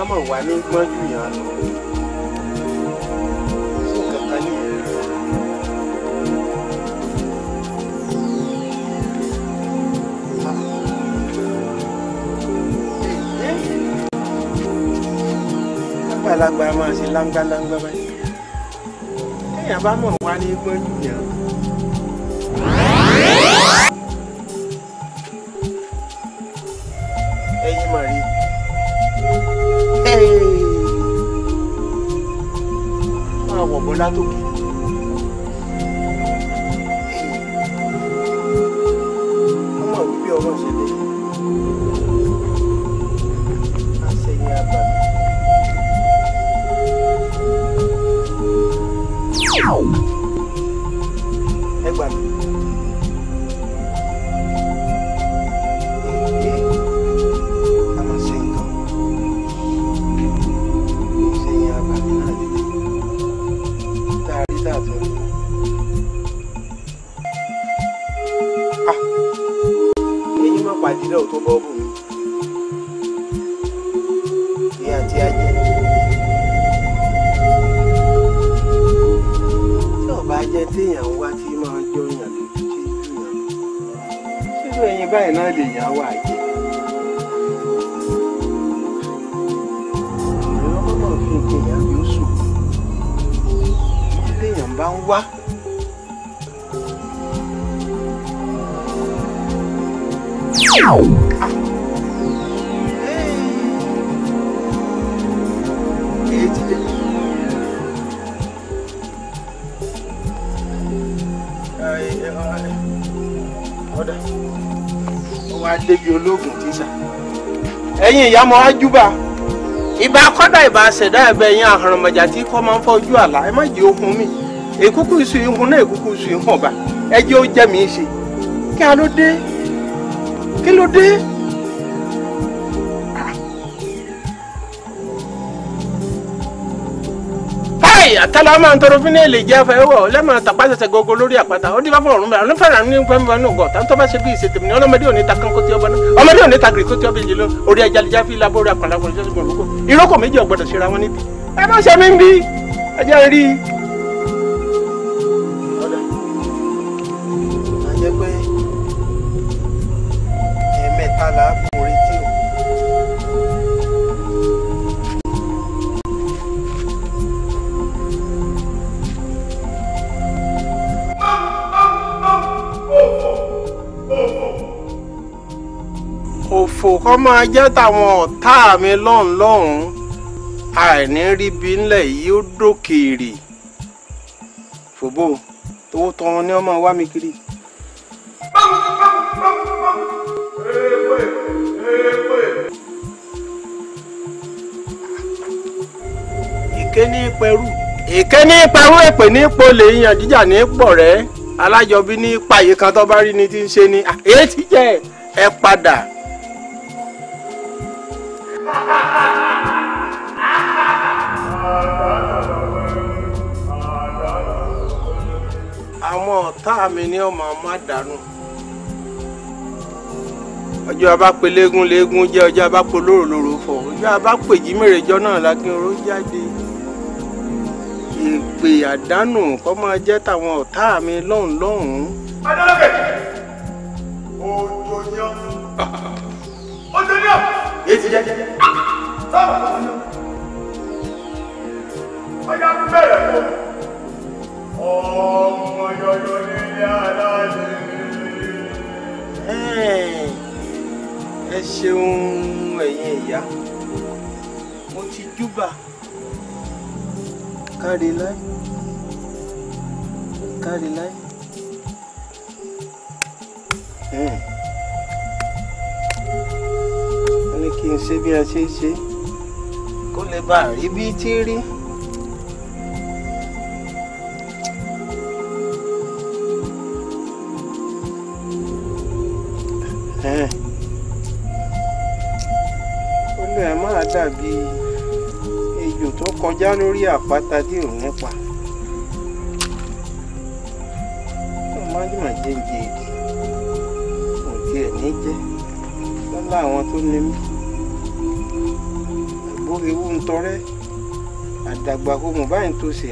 mọ̀ wá ní mọ́jú yàn lọ. àgbàlagbà máa ṣe láńgbáláńgbá báyìí téèyàn bá mọ̀ wá ní gbọ́njú yàn. ẹ̀yin mọ̀ rí Ọlátòkè ìyàmọ̀ ajúbà ìbá kọ́dà ìbá ṣẹ̀dá ẹ̀bẹ̀ yẹn àhàràmọ̀jà tí kò máa ń fọ́jú àlá ẹ má jẹ́ ohun mi èkúkú iṣu ihun náà èkúkú iṣu ihun ọ̀bà ẹ jẹ́ ó jẹ́ mi ṣe kí a ló dé kí ló dé. tala ma n toro fini ele jẹ fẹ wọ lẹmọ tapa sẹsẹ gogo lórí àpáta ó dífá fún ọrùn bẹrẹ ọdún fẹràn ní fẹmi wọn nùgọ tá tó bá ṣe bí ìṣètò ní ọlọmọdé òní ta kánkó tí ó bọ náà ọmọdé òní ta gírí kó tí ó bẹ jẹ lọ orí ẹja lè jáfi labọ orí àpàlà kọlọsọsọ gbọmọgbọ ìrókò méjì ọgbọdọ ṣe wọn níbi ẹ má ṣe mí ń bí ẹjẹ rí i. kọ́ máa jẹ́ tàwọn ọ̀tá mi lọ́hùn lọ́hùn àìní ríbi ńlẹ̀ yìí ó dókèèrè fòbó tówó tọrọ ni ọmọ wá mi kiri. èké ní pẹ̀rú èké ní pẹ̀rú èpè ní polè ìyàn jíjà ní pọ̀ alájọbí ní pààyè kan tó bá rí ni ti ń ṣe ni àyè ti jẹ́ ẹ padà. táà mi ní ọmọ ọmọ àdánù ọjọ́ abá pe léegun léegun jẹ́ ọjọ́ abá pe lóòrò lóòrò fọ̀ ọjọ́ abá pe jímèrèjọ́ náà lákínró jáde ìpè àdánù kọ́ máa jẹ́ tàwọn ọ̀tá mi lọ́hùn lọ́hùn. adélèké ojo ni ọ ojo ni ọ èyí ti jẹ sábà tó ní ọjà bẹ̀rẹ̀ fún ọ òdodo nílé aláàlẹ́. ẹ ṣeun ẹ̀yin ìyá mo ti júbà kárí láì kárí láì. wọ́n hmm. ní kí n ṣe bí a ṣe ń ṣe kó lè bá rí bí tí rí. àpáta dé òun nípa tó má lè má jẹ ìjẹ èdè kò tiẹ̀ ní jẹ́ lọ́la àwọn tó ní mí àgbóre ewu ń tọrẹ́ àdàgbà kò mọ̀ báyìí tó ṣe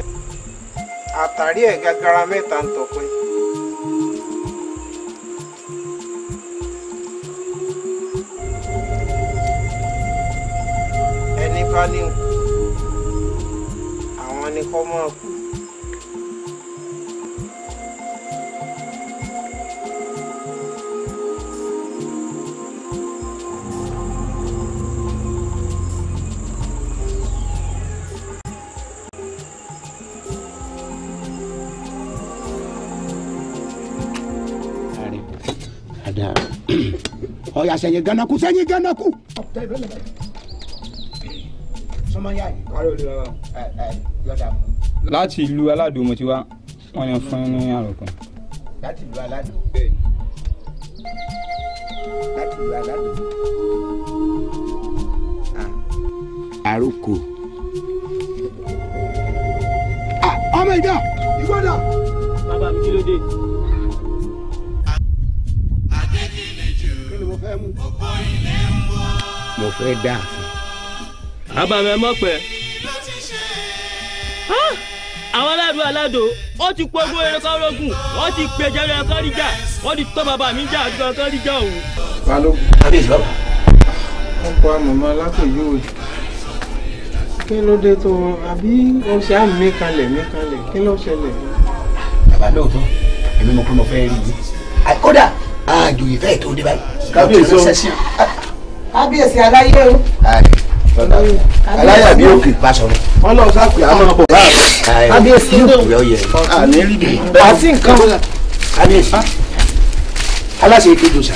àtàrí ẹ̀ gàgàrà mẹ́ta ń tọpẹ́. máa kú. ọyà sẹyìn ganaku sẹyìn ganaku. sọmọ yá yìí. wàá lóore bàbá ẹ ẹ yọ̀dà láti ìlú aládùn mo ti wá wọn yẹn fún ní àròkọ. láti ìlú aládùn bẹ́ẹ̀ ni láti ìlú aládùn. Ah. àròkọ. Ah, ọmọ ìjà ìfọdà. bàbá mi kí ló dé. mo fẹ́ dà fún. bàbá mi ẹ mọ̀ pẹ́ àwọn aládùú aládò ó ti pogbó ẹ̀kọ́ rogun ó ti pèjẹ ẹ̀kọ́ ríjà ó ti tọ́ bàbá mi jà àti ẹ̀kọ́ òun. balógun wọn kọ àmọ̀mọ́ alákòóyò òjò kí ló dé tó àbí wọn àmì mi kalẹ̀ mi kalẹ̀ kí ló ṣẹlẹ̀. bàbá lóòótọ́ èmi mo pé mo fẹ́ rí yìí kódà àjòyè fẹ́ẹ̀ tó dé báyìí. kábíyèsí aláyé o aláyà bí òkè ìbásọ̀rọ̀. wọ́n lọ sápè àmọ́ bò bá a. kábíyèsí yóò yẹ. àní rí bi. àti nǹkan kábíyèsí aláṣẹ ìkejì ọ̀sà.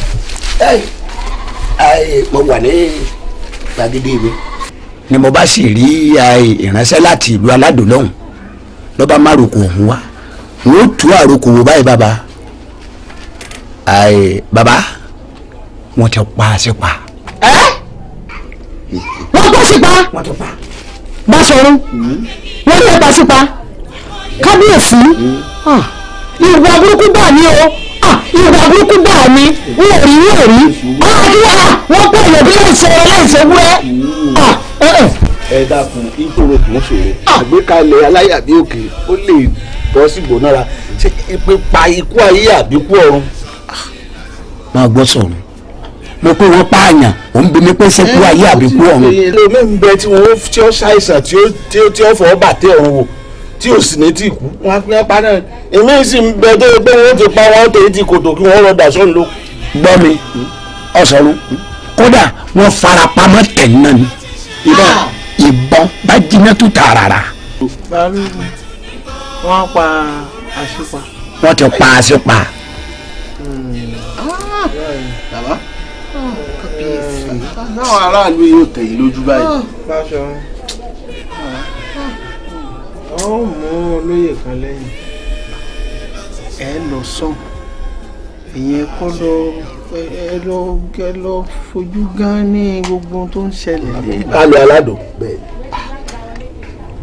mo wà ní gbàgede mi. ni mo bá sì rí ìránṣẹ́ láti ìlú aládùn lọ́hùn lọ́ba márùkù ọ̀hún wá n ó tú àròkò wò báyìí bàbá bàbá wọ́n ti pa àṣẹ pa pàṣípà Báṣọ̀run wọ́n lé pàṣípà kábíyèsí ìwà hmm. ah, burúkú bá ní o ìwà ah, burúkú bá ní wọ́n rí wọ́n rí ọ́nàdúrà ah, wọ́n pè é bí wọ́n ṣe láìsẹ̀ wúrẹ́. Hmm. Eh, eh. ẹ dákun nítorí kò ń ṣòro àgbékalẹ̀ aláyàbí òkè ó lè bọ́ sí gbònára ṣé ipe pa ikú ayé àbíkú ọ̀run. máa gbọ́ sọ̀rọ̀ ló pé wọ́n pààyàn ò ń bimi pé ṣekú ayé àbíkú ọ̀run. ẹlòmíì ń bẹ tí wọ́n tí ó ṣàìsàn tí ó tí ó tí ó fọwọ́ bàtẹ́ wò tí ò sì ní tí kú wọn pín apá náà èmi sì ń bẹ tó pé wọ́n ti pa wọn tó ti kòtò kí wọ́n rọ̀dà sọ́run ló. gbọ́ mi ọ̀sọ̀run kódà wọ́n farapamọ́ tẹ̀ náà ni ìbọn ah! ìbọn bá jiná tó tààràrà. bàálù wọn pa àṣìpa. wọ́n ti pa àṣìpa. náwọn aráàlú yóò tẹ̀ yìí lójú báyìí. báṣọ ah. ọ ah. mú olóyè kan lẹ́yìn ẹ lọ sàn ìyẹn kọ́ lọ ẹ lọ ẹ lọ fojú gan ní gbogbo tó ń ṣẹlẹ̀. alẹ́ aládùn bẹ́ẹ̀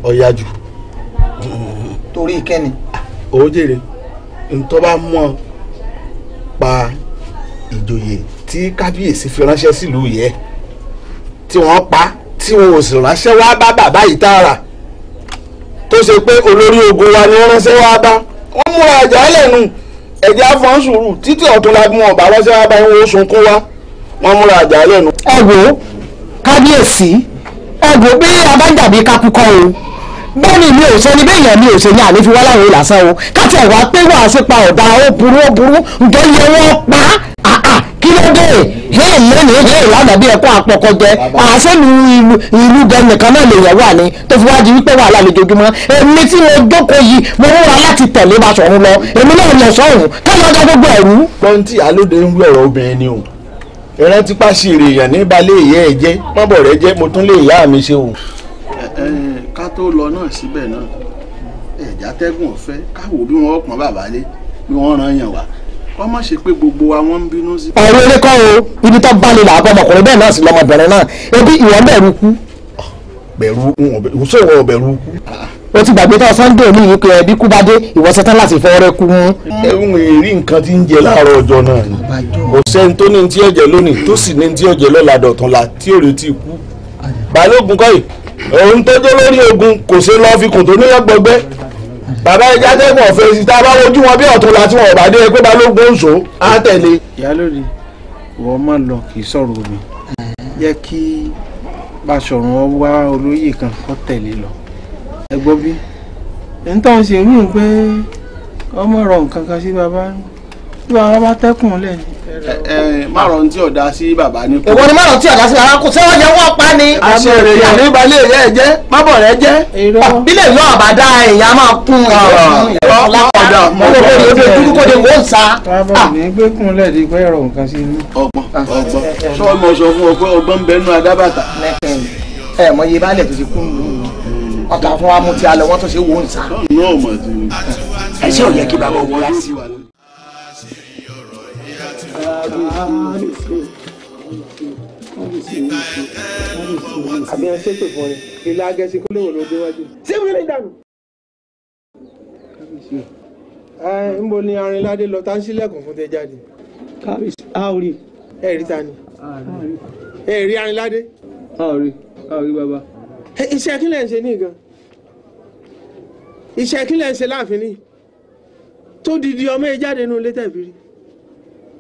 ọ̀yájú. torí kẹ́ni. ó jèrè ntọ́ bá mọ̀ pa ìjòyè tí kábíyèsí fi ránṣẹ́ sílùú yẹn tí wọ́n pa tí wọn ò sì ránṣẹ́ wá bá bàbá yìí tààrà tó ṣe pé olórí ogun wa ni wọ́n ránṣẹ́ wá bá wọ́n múra ẹ̀já lẹ́nu ẹ̀já fọ́n sùúrù títí ọ̀túnlagun ọ̀bá ránṣẹ́ wá bá wọn ó sunkún wá wọ́n múra ẹ̀já lẹ́nu. ẹ wo kábíyèsí ẹ wo bí abájàbí kákúkọ o bẹ́ẹ̀ni mi ò ṣe ni bẹ́ẹ̀ yẹn mi ò ṣe ni àlefi wá láwọn lásán o káti ẹ̀ wá pé wàá ṣe pa ọ̀dà ó burú ó burú ǹjẹ́ yẹ wọ́n pa kí ló dé hẹ́ẹ̀ lónìí hẹ́ẹ̀ lánàá bí ẹ̀kọ́ àpọ̀kọ̀jẹ àṣẹ́lu ìlú ìlú gẹ̀ẹ́nìkan náà lè yẹ̀wò àní tó fi wá di wípé wàhálà lójoojúmọ́ èmi tí mo jókòó yìí mo múra láti tẹ̀lé bá sọ̀run lọ èmi náà lọ sọ̀run káwọn ọjọ́ gbogbo ẹ̀rú. pọ́ńtì alóde ń wẹ̀rọ obìnrin ni o ìrántí pàṣẹ èèyàn ní balẹ̀ ìyá ẹ̀ jẹ́ mọ́bọ̀ rẹ̀ jẹ́ mo tún lè ìyá mi ṣe o. ká tó lọ náà síbẹ̀ náà ẹ̀já tẹ́gùn ọ̀fẹ́ káwọ́ bí wọ́n pọ́n bàbá lé bí wọ́n ràn yàn wá wọ́n má ṣe pé gbogbo wa wọ́n ń bínú sí. ọ̀rọ̀ eré kọ́ o ibi tó bá lè là á bọ́ ọmọkùnrin bẹ́ẹ̀ náà sì lọ́mọbìnrin náà ebi ìwọ bẹ̀rù kú. bẹ̀rù ìwòsàn ìwọ bẹ̀rù kú. o ti gbàgbé tó sunday ní ìyíkọ ẹbí kú bá dé ìwọ ṣetán láti fọ ọrẹ kú. ẹ̀hún èrí nǹkan tí ń jẹ láàárọ̀ ọjọ́ náà ni kò sẹ́ni tó ní ti ọ̀jẹ̀ lónìí tó sì ní ti ọ̀jẹ̀ lọ́la dọ̀túnla tí ogun kò ṣe lọ́ọ́ fi kùn tó nílọ́gbọ̀gbẹ́ bàbá ẹja tẹ́gbọ̀n fèsì tá a bá wojú wọn bí ọ̀tún láti wọn ọ̀bàdé pé balógun ń so á tẹ̀lé. ìyálóde wọ́n má lọ kì í sọ̀rọ̀ omi jẹ́ kí Báṣọ̀run wá olóyè kan kọ́ tẹ̀lé lọ ẹ gbọ́ bí ẹ̀ ń tọ́ ṣe rí i pé ọmọ rọ nǹkan kan sí bàbá bí bàbá bá tẹ́kùn lẹ̀ ni. ẹ ẹ márùn tí ọ̀dà sí bàbá ní kú. èwo ni márùn tí ọ̀dà sí bàbá kú sẹ́wọ́n jẹ́ wọ́n pa ni. àṣẹrè yàrá ìbálẹ̀ rẹ̀ jẹ́ pábọ̀ rẹ̀ jẹ́. bílẹ̀ yóò àbá dá èèyàn máa kún ọ̀dà mọ̀ ọ́ lórí ojú ojú kó de wọ́n sa. bàbá mi ah. gbé kúnlẹ̀ di pé ẹ̀rọ nǹkan sí inú. ọgbọ́n ọgbọ́n sọ́ọ́ mọ̀ sọ fún ọ pé ọgbọ́n ń bẹnu adábàtà. ẹ mọ iye baálẹ̀ tó ti kú nù ọ̀tà fún wa mú ti alẹ̀ wọ́n tó ṣe wò ń sá. ẹ ṣé ò yẹ kí bàbá òun rà sí wa àbí ẹ ṣépè fún ni ìlà agẹṣin kó léwò ló déwájú. ṣé wílé dànù. ẹ ń bo ni Arìnládé lọ tá ń ṣílẹ̀kùn fún tẹ jáde. kábíyèsí a ò rí. ẹ rí ta ni. ẹ rí Arìnládé. a ò rí a ò rí bàbá. iṣẹ́ kí lẹ̀ ń ṣe ní gan. iṣẹ́ kí lẹ̀ ń ṣe láàfin ni tó didi ọmọ ẹ jáde nínú ilé tẹ̀bírí.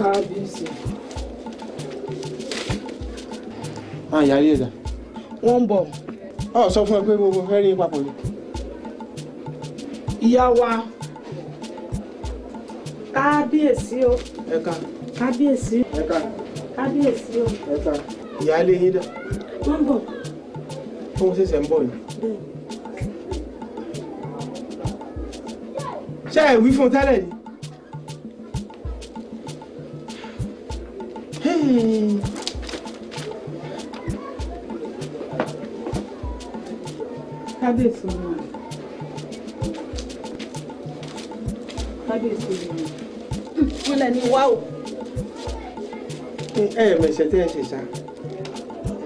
kábíyèsí. àwọn ah, ìyá rí ẹ̀dá. wọ́n ń bọ̀. ọ sọ fún ẹ pé gbogbo fẹ́ rí papọ̀ ni. ìyá wa kábíyèsí o. ẹ ká. kábíyèsí. ẹ ká. kábíyèsí o. ẹ ká. ìyá ilé yín dà. wọ́n ń bọ̀. tó ń ṣẹ̀ṣẹ̀ ń bọ̀ ni. ṣé ẹ wí fún tẹ́lẹ̀ ni. kábíyèsí olúwa kábíyèsí olúwa. mo lẹ ní wá o. ẹ ẹ mẹsẹ tí ẹ ṣe ṣá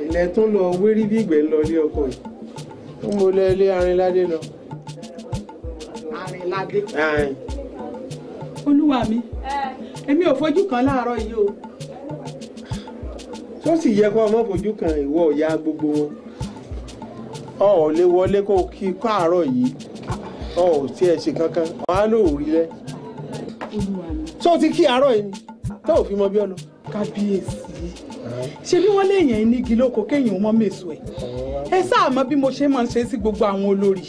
ilẹ tún lọ wérí bí ìgbẹ́ lọ lé ọkọ yìí mo lẹ lé arìnládé lọ. arìnládé. olúwa mi èmi ò fojú kan láàárọ̀ yìí o tó sì yẹ kó ọmọ fojú kan ìwọ ìyá gbogbo wọn ọ ò lè wọlé kó kí káàárọ̀ yìí ọ ò tiẹ̀ ṣe kankan wọn á lò ó rí rẹ tó ti kí àárọ̀ yìí tó ò fi mọ bí ọ lọ kábíyèsí ṣe bí wọ́n léèyàn inígi lóko kéèyàn mọ́ mèso ẹ̀ ẹ sáà mọ bí mo ṣe máa ń ṣe sí gbogbo àwọn olórí.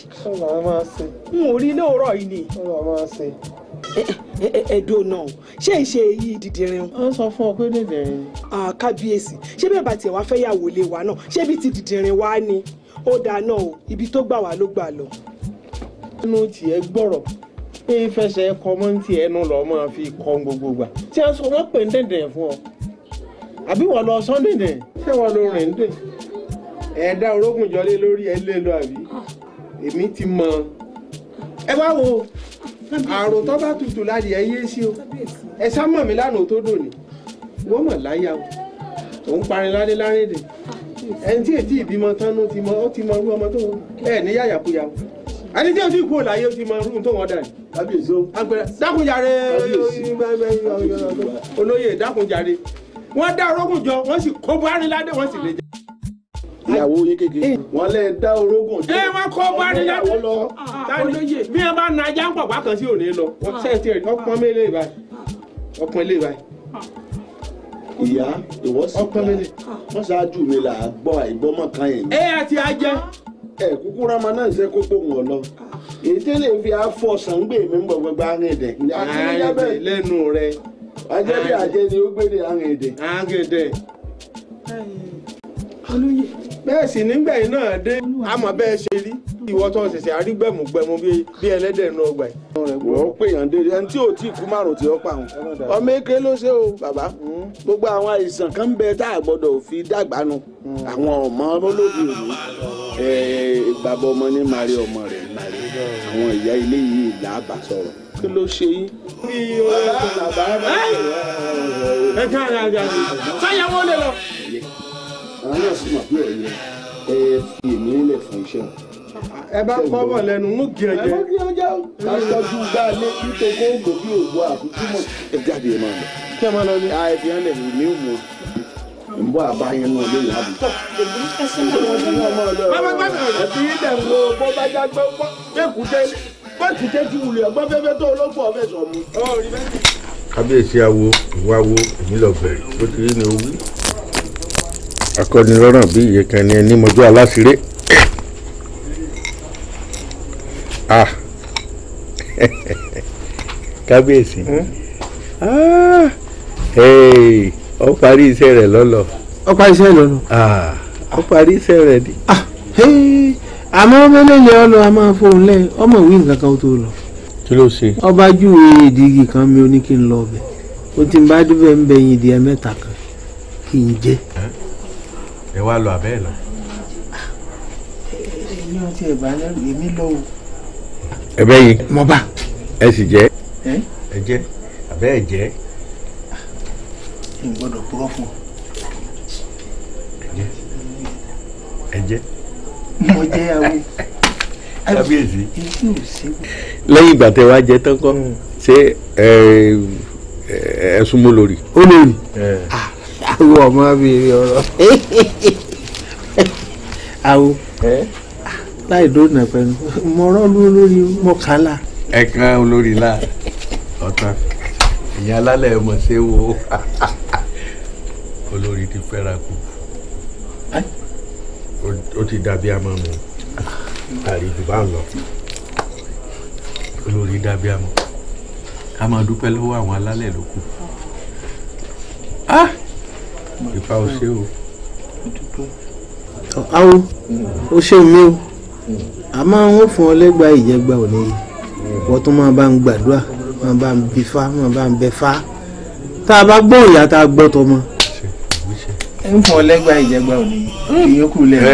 n ò rí lóòrọ̀ yìí ni. ẹ̀dùn náà ṣé ń ṣe èyí dìdìrín. ó sọ fún ọ pé dìdìrín. kábíyèsí ṣé bẹ́ẹ̀ bá tiẹ̀ wá fẹ́ yàwó lé wa náà ṣé bí ti dìdìrín wá ni ó dáná o ibi tó gbà wá ló gbà lọ. inú tiẹ̀ gbọ́rọ̀ pé fẹsẹ̀ kọ́mọ́ntì ẹnu lọ́ọ́ máa fi kọ́ gbogbo gbà tí a sọ wọ́n pè ń dẹ̀dẹ̀ fún ọ àbí wọ́n lọ sunday dẹ̀ ṣé wọ́n lọ rìn dẹ̀ ẹ̀ẹ́dá orógùn jọlé lórí ẹlẹ́ lọ àbí èmi ti mọ ẹ wá wo àrò tó bá tutù láyé ẹ yé sí o ẹ sá mọ̀ mí lánàá tó dòní wọ́n mọ̀ láyà o òun parin lálé lárédè ẹni tí ètí ìbímọ tánú ti mọ ó ti mọ irú ọmọ tó wọn ẹ ní yàyàkuyà o ẹni tí ètí ìkú òláyé ó ti mọ irú tó wọn dà ní. kábíyèsí o. dákunjáre olóyè dákunjáre. wọ́n dá orógùn jọ wọ́n sì kó buhari wọ́n sì lè jẹ. ìyàwó yín wọn lè dá orógùn jọ wọn kó buhari lọ. Ah, ah, bí wọn bá na ajá ń pọ̀ sí òní lọ wọn sẹ́ẹ̀tì ah. rẹ̀ ọpọ́n mélòó ìbáyìí ọpọ́n ilé ìbáyìí ìyá ìwọ ṣáájú mi là á gbọ́ àìgbọ́mọ̀ kan yẹn. ajẹ. ẹ kúkú rama náà ṣe lọ èyí tẹ́lẹ̀ fi ń bọ̀ ajẹ́ bí ajẹ́ ni ó gbére àrùn èdè. àrùn èdè. olóyè. bẹ́ẹ̀ sì nígbẹ̀yìn náà dé àmọ́ bẹ́ẹ̀ ṣe rí ìwọ tó ṣẹ̀ṣẹ̀ arígbẹ̀mùgbẹ̀mù bí ẹlẹ́dẹ̀ nù ọgbà yìí. wọ́n pè yàn dé ẹni tí ò tí kú márùn tí ó pa àwọn. ọmọ eke ló ṣe o bàbá hmm. gbogbo àwọn àìsàn kan bẹ tá a gbọdọ̀ fi dàgbà nu hmm. àwọn ọmọ olóbi òní bàbá ọmọ ní mari ọmọ rẹ̀ mari hmm. àwọn ìyá ilé yìí là á bà sọ̀rọ̀ kí ló ṣe yín. ẹ jẹ́ ara rẹ̀ àná sáyà lè lọ. àwọn náà sì mọ̀ pé ẹ̀yẹ ẹ fi èmi nílẹ̀ fún iṣẹ́ o ẹ bá kọ́ bọ̀ lẹ́nu mú kí ẹ jẹ. aṣojú gbá lé nítorí kóńgò bí òwò àbújúmọ̀ ẹ jáde ẹ máa lọ. kí ẹ máa lọ ní. ààyè fi hàn lè mí mi wò n bọ àbáyé náà lè yá bù. ẹ fi yín ń wo bọ́ bá jágbé pọ́ kékùté bọ́ọ̀tì tẹ́tí wulẹ̀ ọgbọ́n fẹ́fẹ́ tó olóògbé ọ̀fẹ́ sọ mu. kábíyèsí awo ìwà wo èmi lọ bẹ̀rẹ̀ bó ti rí ni ó wí. akọ́nilọ́ràn bí iye kan ní ẹni mọ́jú aláṣiré. Ah. kábíyèsí hm? ah. ó parí iṣẹ́ rẹ̀ lọ́lọ́. ó parí iṣẹ́ rẹ̀ lọ́lọ́. Ah. ó parí iṣẹ́ rẹ̀ ni àmọ́ mẹ́lẹ́lẹ́ ọlọ a máa fóun lẹ́ ọmọ ìwé nǹkan kan tó lọ. kí ló ṣe. ọba júwe ìdígi kan mi ò ní kí n lọ ọbẹ̀ ó ti ń bá dúbẹ̀ ń bẹ yin ìdíyẹ mẹ́ta kan kí n jẹ. ẹ wá lọ àbẹ́ ẹ̀ lọ. èmi ò tiẹ̀ bá èmi lọ o. ẹ bẹ́ yìí. mo bá. ẹ sì jẹ́. ẹ jẹ́ àbẹ́ ẹ jẹ́. n gbọ́dọ̀ purọ́ fún ọ. ẹ jẹ́. ẹ jẹ́ mo jẹ́ awo. kábíyèsí lẹ́yìn ìgbà tẹ wá jẹ tán kọ́ ṣé ẹ̀sùn mo lórí. ó lè rí àwọn ọmọ abèrè ọ̀rọ̀ awo láì dóònà pẹ̀lú mo rọ́ọ̀lù olórí mọ́kànlá. ẹ̀kan olórí la ọ̀tàn ìyẹn alálẹ̀ mọ̀ ṣé wo olórí ti fẹ́ra kù ó ti dàbí àmọ́ mi àríjù bá ń lọ olórí dàbí àmọ́ ká máa dúpẹ́ lọ́wọ́ àwọn alálẹ̀ ló kù ìfà ò ṣe o. awo o ṣeun mi o àmọ́ wọ́n fún ọ lẹ́gbàá ìjẹgba òní wọ́n tún máa bá ń gbàdúrà máa bá ń bifá máa bá ń bẹfá tá a bá gbọ́ ìyá tá a gbọ́ tọmọ ń fún ọ lẹ́gbà ìjẹgba òní hmm. ìyókù lẹ́nu.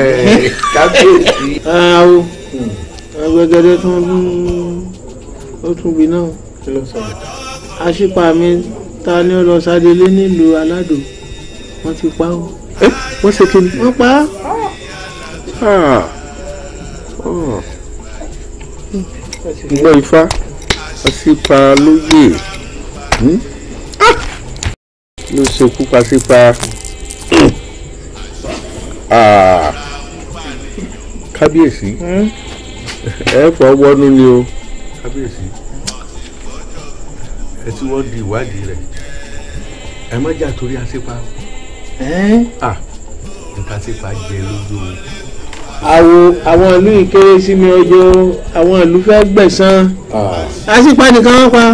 kábíyèsí. awo hmm. agbẹgẹdẹ tún ó tún gbiná aṣípa mi ta ni ó lọ sádelé nílùú aládò wọ́n ti pa ó wọ́n ṣe kíni wọ́n pa á. gbọ́ ah. ah. ifá aṣípa lóye hmm? ah. ló ṣekú pa sípa. Ah. kábíyèsí hmm? ẹ fọ wọnú ni o kábíyèsí ẹ tí wọ́n di ìwádìí rẹ̀ ẹ má jà torí aṣípa ah, nǹkan aṣípa jẹ lójú o. àwo àwọn ìlú ìkéré sí mi ọjọ́ àwọn ìlú fẹ́ gbẹ̀san aṣípa ah. nìkan wọ́n pa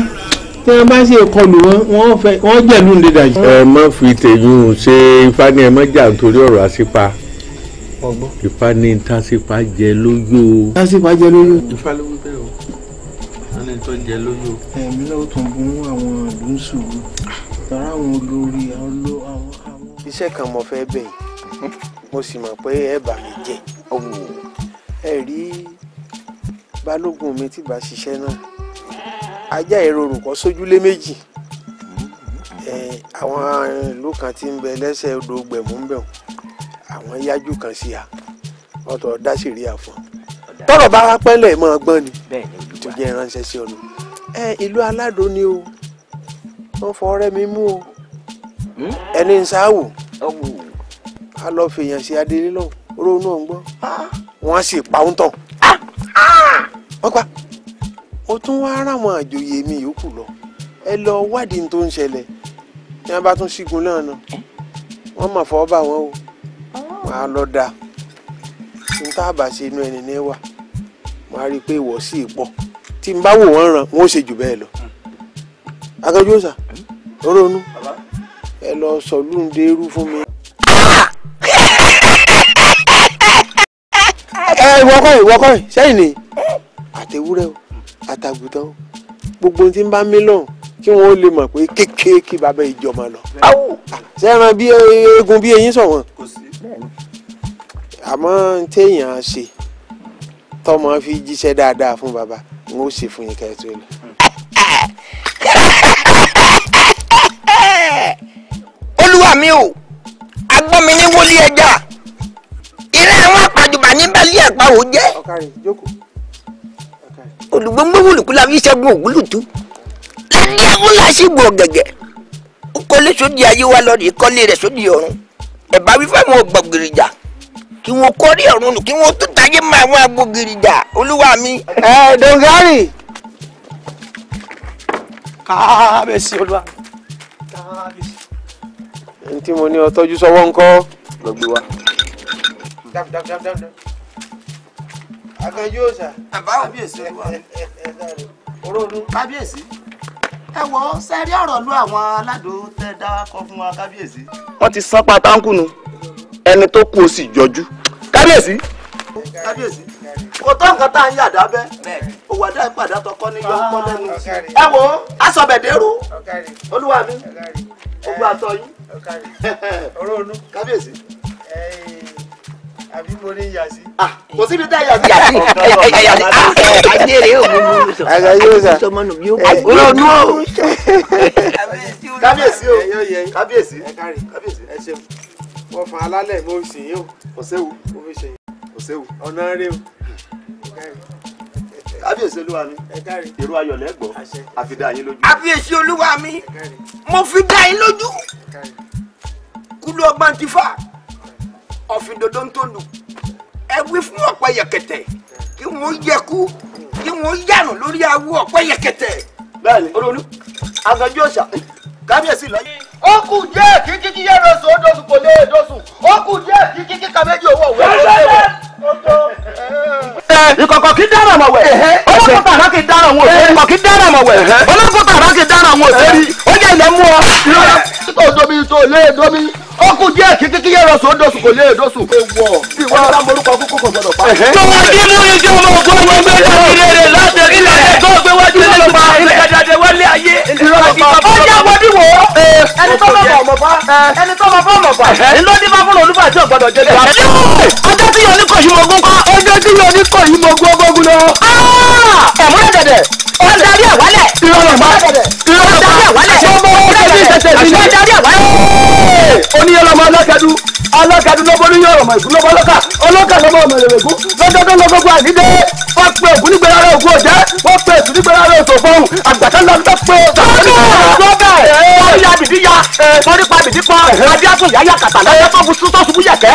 tí wọ́n bá ṣe kọlù wọn wọ́n jẹ̀lú ńlẹ̀ dàjú. ẹ má fi tèyún ṣe ifá ni ẹ má jà nítorí ọ̀rọ̀ aṣípa ọgbọ́n. ìfá ní tásífà jẹ lóyò. tásífà jẹ lóyò. ìfá ló wí bẹ́ẹ̀ o wọ́n ní tó jẹ lóyò. ẹ̀mí náà ó tún gún àwọn ìlú ń sùúrù tọ́ra àwọn olórí àwọn. iṣẹ́ kan mo fẹ́ bẹ̀ yìí mo sì mọ̀ pé ẹ bà mí jẹ́ ẹ rí balógun mi tí bá ṣiṣẹ́ náà ajá ìrorò kọ́ sójúlé méjì àwọn ìlú kan tí ń bẹ lẹ́sẹ̀ odò gbẹ̀mú ń bẹ̀ wọ́n àwọn yájú kan sí a wọn tọ àfọn tọrọ bá rápẹ́ lẹ̀ mọ́ ọgbọ́n ni tó jẹ́ ránṣẹ́ sí ọ̀nà ẹ ìlú aládò ni o wọn fọ ọ̀rẹ́ mi mú o hmm? ẹni ń sáwò a lọ fèèyàn sí adélé lọ ronú ọ̀ngbọ́ ah! wọn sì pa ń tàn wọn pa ó tún wá ara àwọn àjòyè mi yòókù lọ ẹ lọ wádìí tó ń ṣẹlẹ̀ ní wọn tún sígun náà eh? wọn mà fọ́ bá wọn o pa á lọ́dà n tá a bá ṣe inú ẹni níwà máa rí i pé ìwọ sí pọ̀ tí n bá wò wọ́n ràn wọ́n ó ṣe jù bẹ́ẹ̀ lọ. akẹ́jọ́ òòsà ronú ẹ lọ sọ lóńdérú fún mi. ẹ wọkọ yìí ni àtẹwúrẹ́ o àtàgùtàn o gbogbo tí ń bá mí lọ́hùn kí wọ́n lè mọ̀ pé kékeré kí bàbá ìjọba lọ. sẹ́ran bí eegun bí eyín sọ̀wọ́n. kò sí àmọ́ téèyàn ṣe tọmọ fi jíṣẹ́ dáadáa fún bàbá n ó ṣe fún yín kẹ́ẹ̀tọ́ ẹ̀ lọ. olúwa mi ò agbọ́n mi ní wọlé ẹja ìrẹ́ àwọn àpàjùbà ní bẹ́lí ẹ̀pá ò jẹ́ olùgbòǹgbò wùlùkú la fi ṣẹ́gun ògúlùtú lẹ́ni ẹ̀kú la ṣì gbọ̀ gẹ̀gẹ̀ kọ́lé sódì ayé wa lọ́ọ̀dì kọ́lé rẹ̀ sódì ọ̀run ẹ̀bá wífẹ́ wọn gbọ̀ gìrìjà kí wọn kọrí ọ̀run nù kí wọn tó tayé máa wọn agbo gìrìjà olúwa mi. ẹ dongari kábíyèsí olúwa kábíyèsí. ẹni tí mo ní ọ tọ́jú sọ́wọ́ ńkọ́ lọ gbé wa. akẹ́jọ́ sà. àbáwọ̀ kábíyèsí olúwa. kábíyèsí. ẹ wọ sẹ́rí ọ̀rọ̀ àwọn aládùn tẹ́ dá kọ́ fún wa kábíyèsí. ti sán nu ẹni tó kú o sì jọjú kábíyèsí. kábíyèsí kò tó nǹkan tá à ń yà òwò àdá tọkọ ní yọ ọkọ lẹ́nu ẹ olúwa mi àtọyún àbí mo ní yà sí. Ah, kò síbi tá a yà sí. yà sí ẹ yà sí àjẹrè ah, eh, yóò mú mi sọ. àgbà yóò sà sọmọ nù yóò mú mi sọ. kábíyèsí o kábíyèsí kábíyèsí ẹ ṣeun wọn fa alálẹ̀ mo ṣe yín o kò séwu mo fi ṣe yín kò séwu ọ̀nà rẹ o kábíyèsí olúwa mi èrò ayọ̀ lẹ́gbọ̀ọ́ àfi dá yín lójú. kábíyèsí olúwa mi mo fi dá yín lójú kúlú ọgbọ́n ti fà ọ̀fìn dodo ń tó lù ẹ wí fún ọ̀pẹ yẹ̀kẹ̀tẹ̀ kí wọ́n yẹku kí wọ́n yàrùn lórí awọ ọ̀pẹ yẹ̀kẹ̀tẹ̀. bẹ́ẹ̀ni olórí agbẹjọ ọsà kábíyèsí lọ. ó kù díẹ̀ kí kíkí yẹ̀rọ sùn ó dọ̀sùn kò lè dọ̀sùn ó kù díẹ̀ kí kíkí kàméjì owó òwe ló lè wọ̀. ìkọ̀kọ̀ kí dára mọ̀ wẹ̀ olóko tààrà kí dára wọn ò sẹ́rí olóko tààrà kí dára wọn ò ó jẹ́ ilẹ̀ mú ọ tó domi tó lé domi ó kú díẹ̀ kí kíkí yẹ̀rọ sọ dọ̀sùn kò lè dọ̀sùn. ewọ bí wọn bá morúkọ kúkú kò gbọdọ̀ pa. tọwọ kí ni oye jẹ ọmọ ògbó wọn gbé káàkiri rẹ láti ilẹ̀ ẹ̀kọ́ gbé wájú ilé pa ilẹ̀ dàdé wálé ayé. ó yá wọbí wo ẹni tó bá bọ̀ ọmọ bá ẹni tó bá bọ̀ ọmọ bá ìlú ọdún bá fún olúfà ẹsẹ̀ mi ní. àṣà àṣà oníyọlọmọ ọlọ́kadù ọlọ́kadù lọ́bọ oníyọlọmọ ìgún lọ́bọ ọlọ́kà ọlọ́kà lọ́bọ ọmọ ìrẹ̀lẹ̀ ìgún lọ́jọ́ tó lọ́gbọ́n gbọ́ àdídé wọ́n pe ògún nígbèrè ara ògún ọ̀jẹ́ wọ́n pe ètù nígbèrè ara ètò òfòhùn àgbàtà lọ́dún tó pe ògún nígbèrè ara ọ̀jẹ́ ya bìbí ya torí pa bìbí pọ abíákùn yáyà kàtà lọ́jọ́ tó bu sún tó yẹ̀kẹ́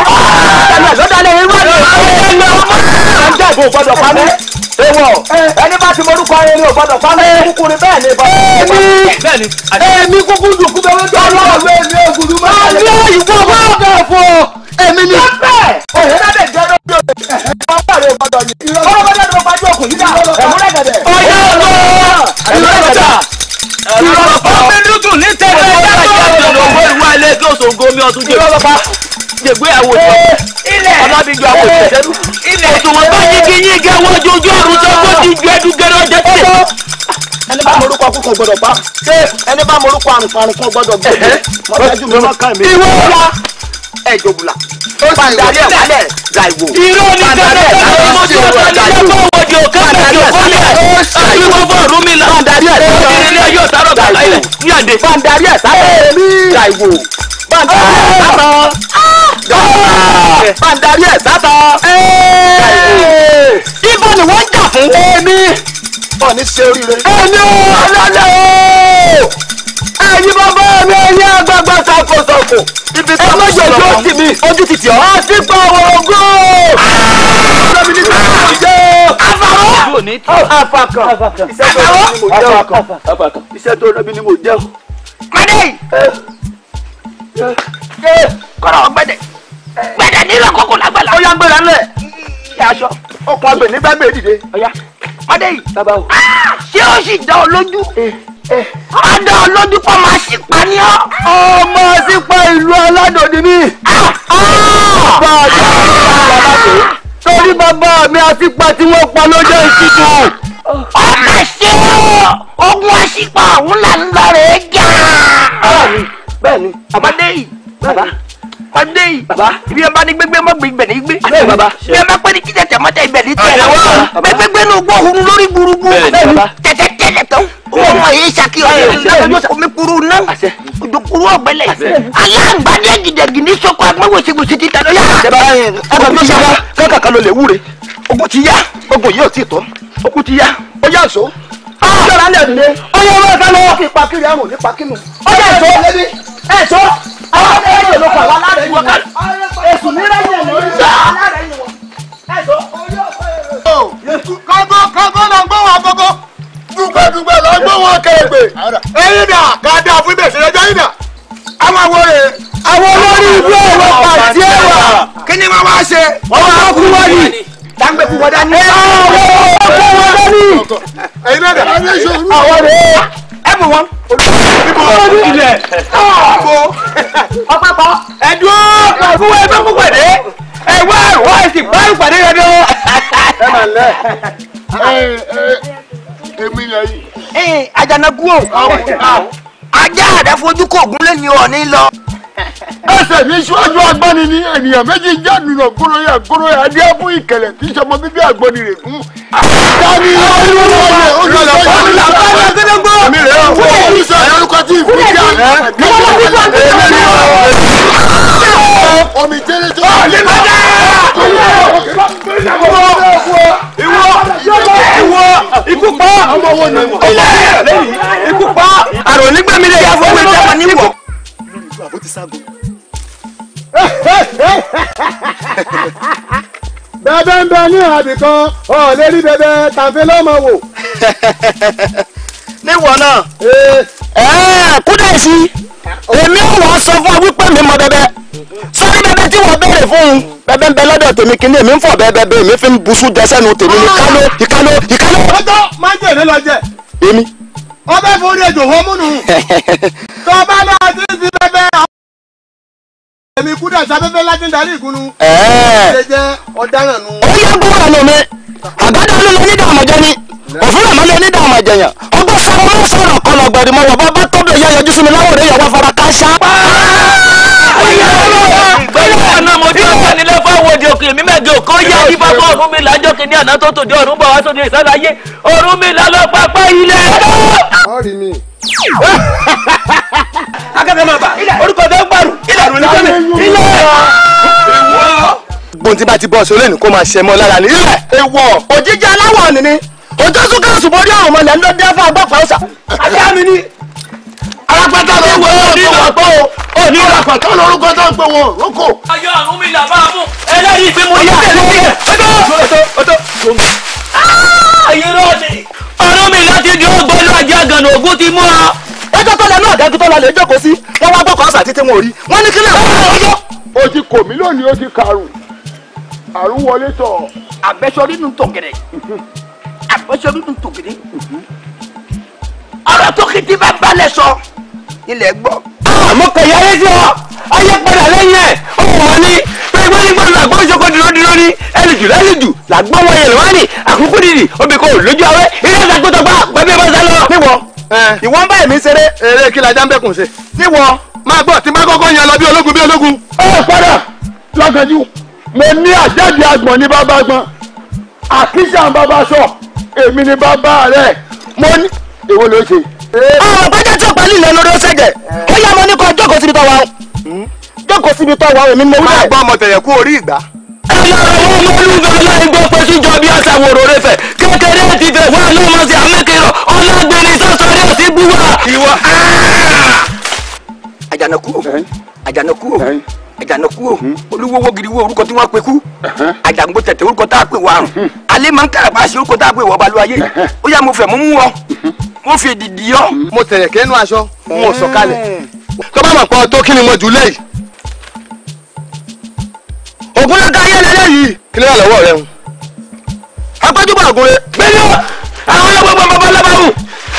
ẹnu ẹ̀ ló dalẹ̀ irú ẹ̀ ló ń jẹ́ gbọ́dọ̀ pamẹ́ ewọ ẹni bá ti morúkọ eré ò gbọ́dọ̀ pamẹ́ kúkúrú bẹ́ẹ̀ ni bọ́dọ̀ èmi èmi kúkú dùkú bẹ́ẹ̀ ló dé ṣògo mi ọtún jẹ jẹgbé àwọn òjò ọlọ́díjọ àwọn òjò jẹnu òṣùwọ̀n bá yígi yígi àwọn ojú ojú ọ̀run tó kó ti ju ẹdúgẹrẹ ọjọ́ tẹ̀. ẹni bá morúkọ kú kan gbọ́dọ̀ pa ẹni bá morúkọ àrùn parun kan gbọ́dọ̀ gbọ́dọ̀ mọ̀tẹ́jú mi máa ká mi. ìwọ wa ẹ jòbùlà pàǹdàrí ẹ wálẹ̀ dàìwò pàǹdàrí ẹ wálẹ̀ dàìwò pàǹdàrí ẹ wálẹ̀ dàìwò pàǹdàrí ẹ sábẹ́ mi dàìwò pàǹdarí ẹ̀ sátán. pàǹdarí ẹ̀ sátán. ibo ni wọ́n jà fún. èmi ọ̀ní ṣe oríire. èmi ò ọlọ́lẹ̀ o. ẹ̀yin bàbá mi ẹ̀yin àgbààgbà ṣàkóṣàkó. ibi tí a máa yọ ojú ti mi. ojú ti tì ọ́. a ti pa òwòrògbò. lómi ní sọ́kà jíjẹ́. àfàrọ́. àfàkàn. àfàkàn. iṣẹ́ tó rọbí ni mo jẹ́ o. pàdé kọ́ra ọgbẹ́dẹ gbẹ́dẹ nílò kókó lágbàlá. ó yá gbéra ńlẹ̀ yà aṣọ okùn ọgbẹ́ nígbà méjì dé. ọ̀yá ọdẹ yìí. bàbá o. Ah, ṣé o sì dán ọ lójú. ọ eh, eh. dán ọ lójú pọ̀ máa ṣì pa ní ọ. ọmọ sípa ìlú aládò ni mí. Ah, ah. bàbá ọjà mi bàbá mi torí bàbá mi àti pa tí wọ́n pa lọ́jọ́ ìṣíjú ọmọ ṣe ogun àṣìpọ̀ ọ̀hún là ń lọ rẹ̀ jà bẹ́ẹ̀ni baba déyì baba ọdẹ yìí baba ibi ọba ní gbégbé mọ gbégbé ní gbé bẹ́ẹ̀ baba bí ọba pé ní kí tẹtẹ mọ tẹ ibẹ ní tẹ ẹwọ gbégbé ní ogbó ohun lórí gbúrúgbú tẹtẹ tẹlẹ tán ọmọ yìí ṣaki ọyọ lọ́wọ́ omi kuru ná ojú kuru ọ̀gbẹ́lẹ̀ aláǹgbàdé gidẹgì ní sọkọ agbẹwòsíwòsí ti tẹlẹ yá. ọkọ ti yá kankan kan ló lè wúre ogun ti yá ogun yìí ò tí tọ́ ogun ti yá ó yà sọ ọ̀ṣọ́ra ah! ń dẹ̀dùn dé. ọyọ ọmọ ìka lọ. kí ipa kiri àrùn nípa kínú. ọyọ ẹ̀tọ́ ẹ̀tọ́ àwọn ah! ẹ̀jẹ̀ ló kà wá láàrẹ̀ yìí wọ́n. Ah! èsù mi rẹ̀ yẹ̀ lórí láàrẹ̀ yìí wọ́n. ẹ̀tọ́ kọ́gọ́ kọ́gọ́ la gbọ́ wọn gbogbo dùgbẹ́ dùgbẹ́ la gbọ́ wọn kẹ̀gbẹ́ ẹ̀yin dà kàdà fún bẹ̀sẹ̀ ẹ̀jẹ̀ yìí dà àwọn àwọn rẹ̀ àwọn olórí ìlú ọ̀rọ̀ pàṣẹ wà kí ni wọ́n wá ṣe. ọ̀rọ̀ àkúrò yìí dáńgbé fún wọn dání. àwọn ọkọ wọn dání. ẹyin náà dà bàbá iṣẹ́ olú. àwọn rẹ̀ ẹ mú wọn. ibo ilẹ̀ ibo. ọ̀pọ̀pọ̀ ẹ̀dùn ọkọ̀ fún wọn ẹgbẹ́ púpọ̀ dé ẹ̀wọ́ ẹ̀wọ́ ẹ̀sìn bá ìpàdé yẹn dán. ẹ mà lẹ ẹ ẹ èmi yẹn yìí. ẹ ajanagun o ajá àdáfojú kò gúnlẹ̀ ni ọ̀ ní lọ ẹsẹ̀ mi ṣíwájú agbani ni ènìyàn méjì ń já nínú gbóróyà gbóróyà adé fún ìkẹlẹ̀ tí sọmọ bíbí àgbọ̀nì rẹ̀ fún. dani olùkọ́ yẹ olùkọ́ yẹ olùkọ́ yẹ gẹ́gẹ́gbọ́ mi rẹ̀ ọ́ fún olùsọ ẹ̀ olùkọ́ tí ìfún jà ní olùkọ́ tí ìfún jà omi tẹ́lẹ̀ tó ń lé lọ́dà. ìwọ ìwọ ikú pa ọmọ wo ni. ikú pa àrònígbàmílẹ̀ yà fún mi tẹ́lẹ̀ ní wọ̀ sùn àbó ti ságùn. bẹ́ẹ̀ ń bẹ ní àbí kan ọ̀ lè rí bẹ́ẹ̀ tàǹfẹ́ lọ́mọ wò. níwọ̀n náà. Eh. Eh, kúdà sí èmi ò wọ́n sọ fún ọ wípé mi mọ bẹ́ẹ̀ sọ́ni bẹ́ẹ̀ tí wọ́n béèrè fún un bẹ́ẹ̀ ń bẹ lọ́dọ̀ tèmi kí ni èmi ń fọ̀ bẹ́ẹ̀ bẹ́ẹ̀ èmi fi ń busú jẹ sẹ́nu tèmi ní kálọ́ ìkálọ́ ìkálọ́. ọjọ́ máa ń jẹ́ ìrẹ́lọ́jẹ́. èmi ọbẹ̀ forí ejò wọ́n múnú tọ́ba náà ti ti bẹ́bẹ́ àwọn èmi kúdà sábẹ́fẹ́ láti darí ìkúnnu ṣe jẹ́ ọ̀daràn nu. ó yẹ kó wà lómi àgbàdo ló lóní dàmọ̀jẹ́ ni òfin àmọ́ lóní dàmọ̀jẹ́ yẹn ọgbọ́n sọ̀rọ̀ mọ́ sọ̀rọ̀ kọlọ̀ gbẹ̀rìmọ́ wọ̀ bá bá tọ́bẹ̀ yẹ yọjú sí mi láwọ̀ rẹ̀ yẹ wá fara káṣá. òkè èmi mẹ́gẹ́ òkò yá yípa fún ọ̀run mi lájọ́ kìíní àná tó tòde ọ̀run bọ̀ wá sóde ìsálayé ọ̀run mi lálọ́ pápá ilẹ̀. ọ̀rì mi. akẹ́kọ̀ọ́ máa bà orúkọ tó ń gbàrú ilẹ̀ ìlú nígbàlẹ̀ ilẹ̀ bóun ti bá ti bọ́ọ̀sì olóyìn kó máa ṣe mọ́ lára ní ilẹ̀. èèwọ̀ òjijì aláwọ̀ nìní ojú sún káàsùn borí àwọn ọmọ ilẹ̀ ńlọ dẹ́fà ọgbọ́pàá ọ̀sà. ajá mi ni alápàtà ló wọ ní ìlàpọ̀ o ní ìlàpàtà lórúkọ tó ń pè wọ́n roko. ayọ àrùn mi làbá mú ẹlẹ́yìí fi mú yá ọtọ ọtọ ọtọ. ayé náà ni. ọ̀rọ̀ mi láti di ọgbọ́n lọ ajé àgànà ògùn ti mú a. ẹjọ́ tó lọ náà dájú tó lọ lè jókòó sí wọ́n wá gbọ́kọ̀ ọ̀sà títí wọn ò rí wọ́n ní kílẹ̀ wọ́n lọ́jọ́. o ti kò mí lónìí o ti karùn àrùn wọlé tọ̀. àgbẹ̀sọ̀rí nù tọ̀gẹ̀dẹ̀ àgbẹ̀sọ̀rí nù tọ̀gẹ̀dẹ̀ ọ̀rọ̀ tó kìtì bá balẹ̀ sọ ilẹ̀ gbọ́. àmọ́ ah, kò yá ayé sí ọ ayé padà lẹ́yìn ẹ̀ ó wọ̀ ọ́ ní pẹ̀lú ìgbà nígbà gbọ́dọ̀ ṣoko dúró dúró ní ẹlẹ́jù lẹ́lẹ́jù làgbọ́ wọn yẹn lọ́wọ́ ní àkókò dìdì obì kò lójú awẹ́ ilé ẹ̀sà gbọ́dọ̀ gbà gbẹ́bí bá sálọ. níwọ eh, ìwọ ń bá èmi ṣeré eré kí lajá ń bẹ̀kùn ṣe. níwọ máa gbọ́ tí má kọ́kọ́ yan lọ bí ológun bí ológun. ẹ padà lọ́gànjú mo ní àjáde àgbọ̀n ní bàbá àgbọ̀n àkíṣà bàbá sọ èmi ni bàbá rẹ̀ mo ní èwo ló ṣe ọ̀rọ̀ bájá tí ọ̀pá líle lórí ó ṣẹ̀jẹ̀ ó yá mo ní kọ́ jókòó síbi tó wà ó jókòó síbi tó wà ó mi mọ wúlẹ̀. máa gbọ́ ọmọ tẹ̀yẹ̀ kú orí ìgbà. ẹ̀yà àwọn ọmọ olùgbà aláìgbó pé síjọ bí ọ̀sẹ̀ wò rò rẹ̀fẹ̀ kékeré ti fẹ̀ wá lọ́mọ sí amẹ́kẹ̀rọ ọlọ́gbẹ̀rẹ̀ sọ́sọ́rí ọ̀sí gbúwà. ìwọ Àjànàkú Àjànàkú àjànàkú olúwowó gidi wo orúkọ tí wọ́n pe kú àjàngbò tẹ̀tẹ̀ orúkọ tá a pè wá àrùn alẹ́ máa ń kára pa ṣe orúkọ tá a pè wọ́ balùwayé ó yá mo fẹ́ mo mú ọ mo fi dìdì ọ. mo tẹ̀lẹ̀ kẹ́nu aṣọ mo sọ kalẹ̀. tó bá mọ̀ pé ọ tó kí ni mo jù lẹ́yìn. ògùn ló ga ayé lẹ́lẹ́ yìí. kí ló wà lọ́wọ́ rẹ ń. apájúbọ̀ ògùn rẹ gbẹ́lẹ́ àwọn ọlọ́gbọ́n bàbá lọ́bàá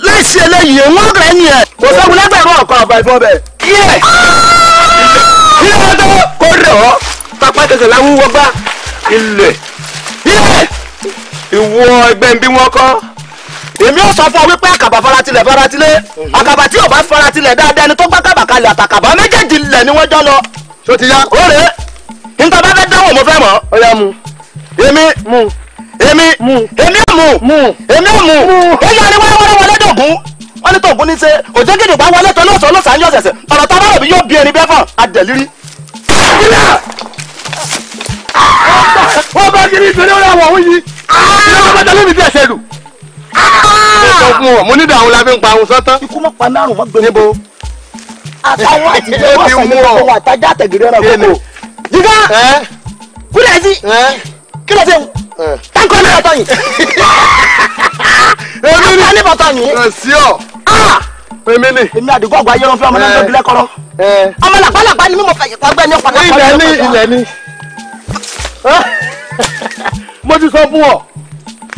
láìsí eléyìí wọn rẹ ni ẹ. kò sẹ́gun lẹ́gbẹ̀rún ọ̀kan àbá ìfọ́ bẹ̀. yẹ ilé ọdọ kò rẹ̀ ọ́ pápá tẹsẹ̀ láwọn wọgbà ilẹ̀ yẹ ìwọ ẹgbẹ́ bí wọn kọ́. èmi ò sọ fún ọ wípé àkàbà faratilẹ̀ faratilẹ̀ àkàbà tí ò bá dáadáa ẹni tó gbá kàbàkalẹ̀ àtàkàbà méjèèjì lẹ̀ ni wọ́n jọ lọ. sọ ó rèé nítorí bá fẹ́ dáhùn mo fẹ́ mọ̀. ó yá mu. èmi mu èmi èmi àmú èmi àmú èyí àríwá wọlé wọlé dògún wọn ní tògún ní ṣe òjégèdè bá wọlé tó lóòsàn lóòsàn yóò ṣẹṣẹ ọ̀rọ̀ tá a yóò bí ẹni bẹ́ẹ̀ fún adẹ̀lírí. wọ́n bá yiri ìtòlẹ́ wọn àwọn òun yìí ilé wọn bá dalẹ́ mi bí ẹsẹ̀ lù. mo fún wọn mo ní dàrún la fi ń pa àwọn sọ́tán. ikú mọ̀ pa márùn-ún wọ́n gbé àtàwọn àtijọ́ wọn sàgbẹ́ wọn àtajà àtẹ̀gẹ́rẹ́ náà kókó. jíga kúlẹ̀ sí kí ló ṣe kanko ní bàtọ yìí kanko ní bàtọ yìí. Ah! rasio èmi ni. èmi àdìgbò ọgbà ayé wọn fún ọmọ náà lóbi lẹkọrọ. ọmọ làpálàpá ni mímọ fẹyẹ pàgbẹ ní ọpàlà. ilẹ̀ ni ilẹ̀ ni mo ti sọ fún ọ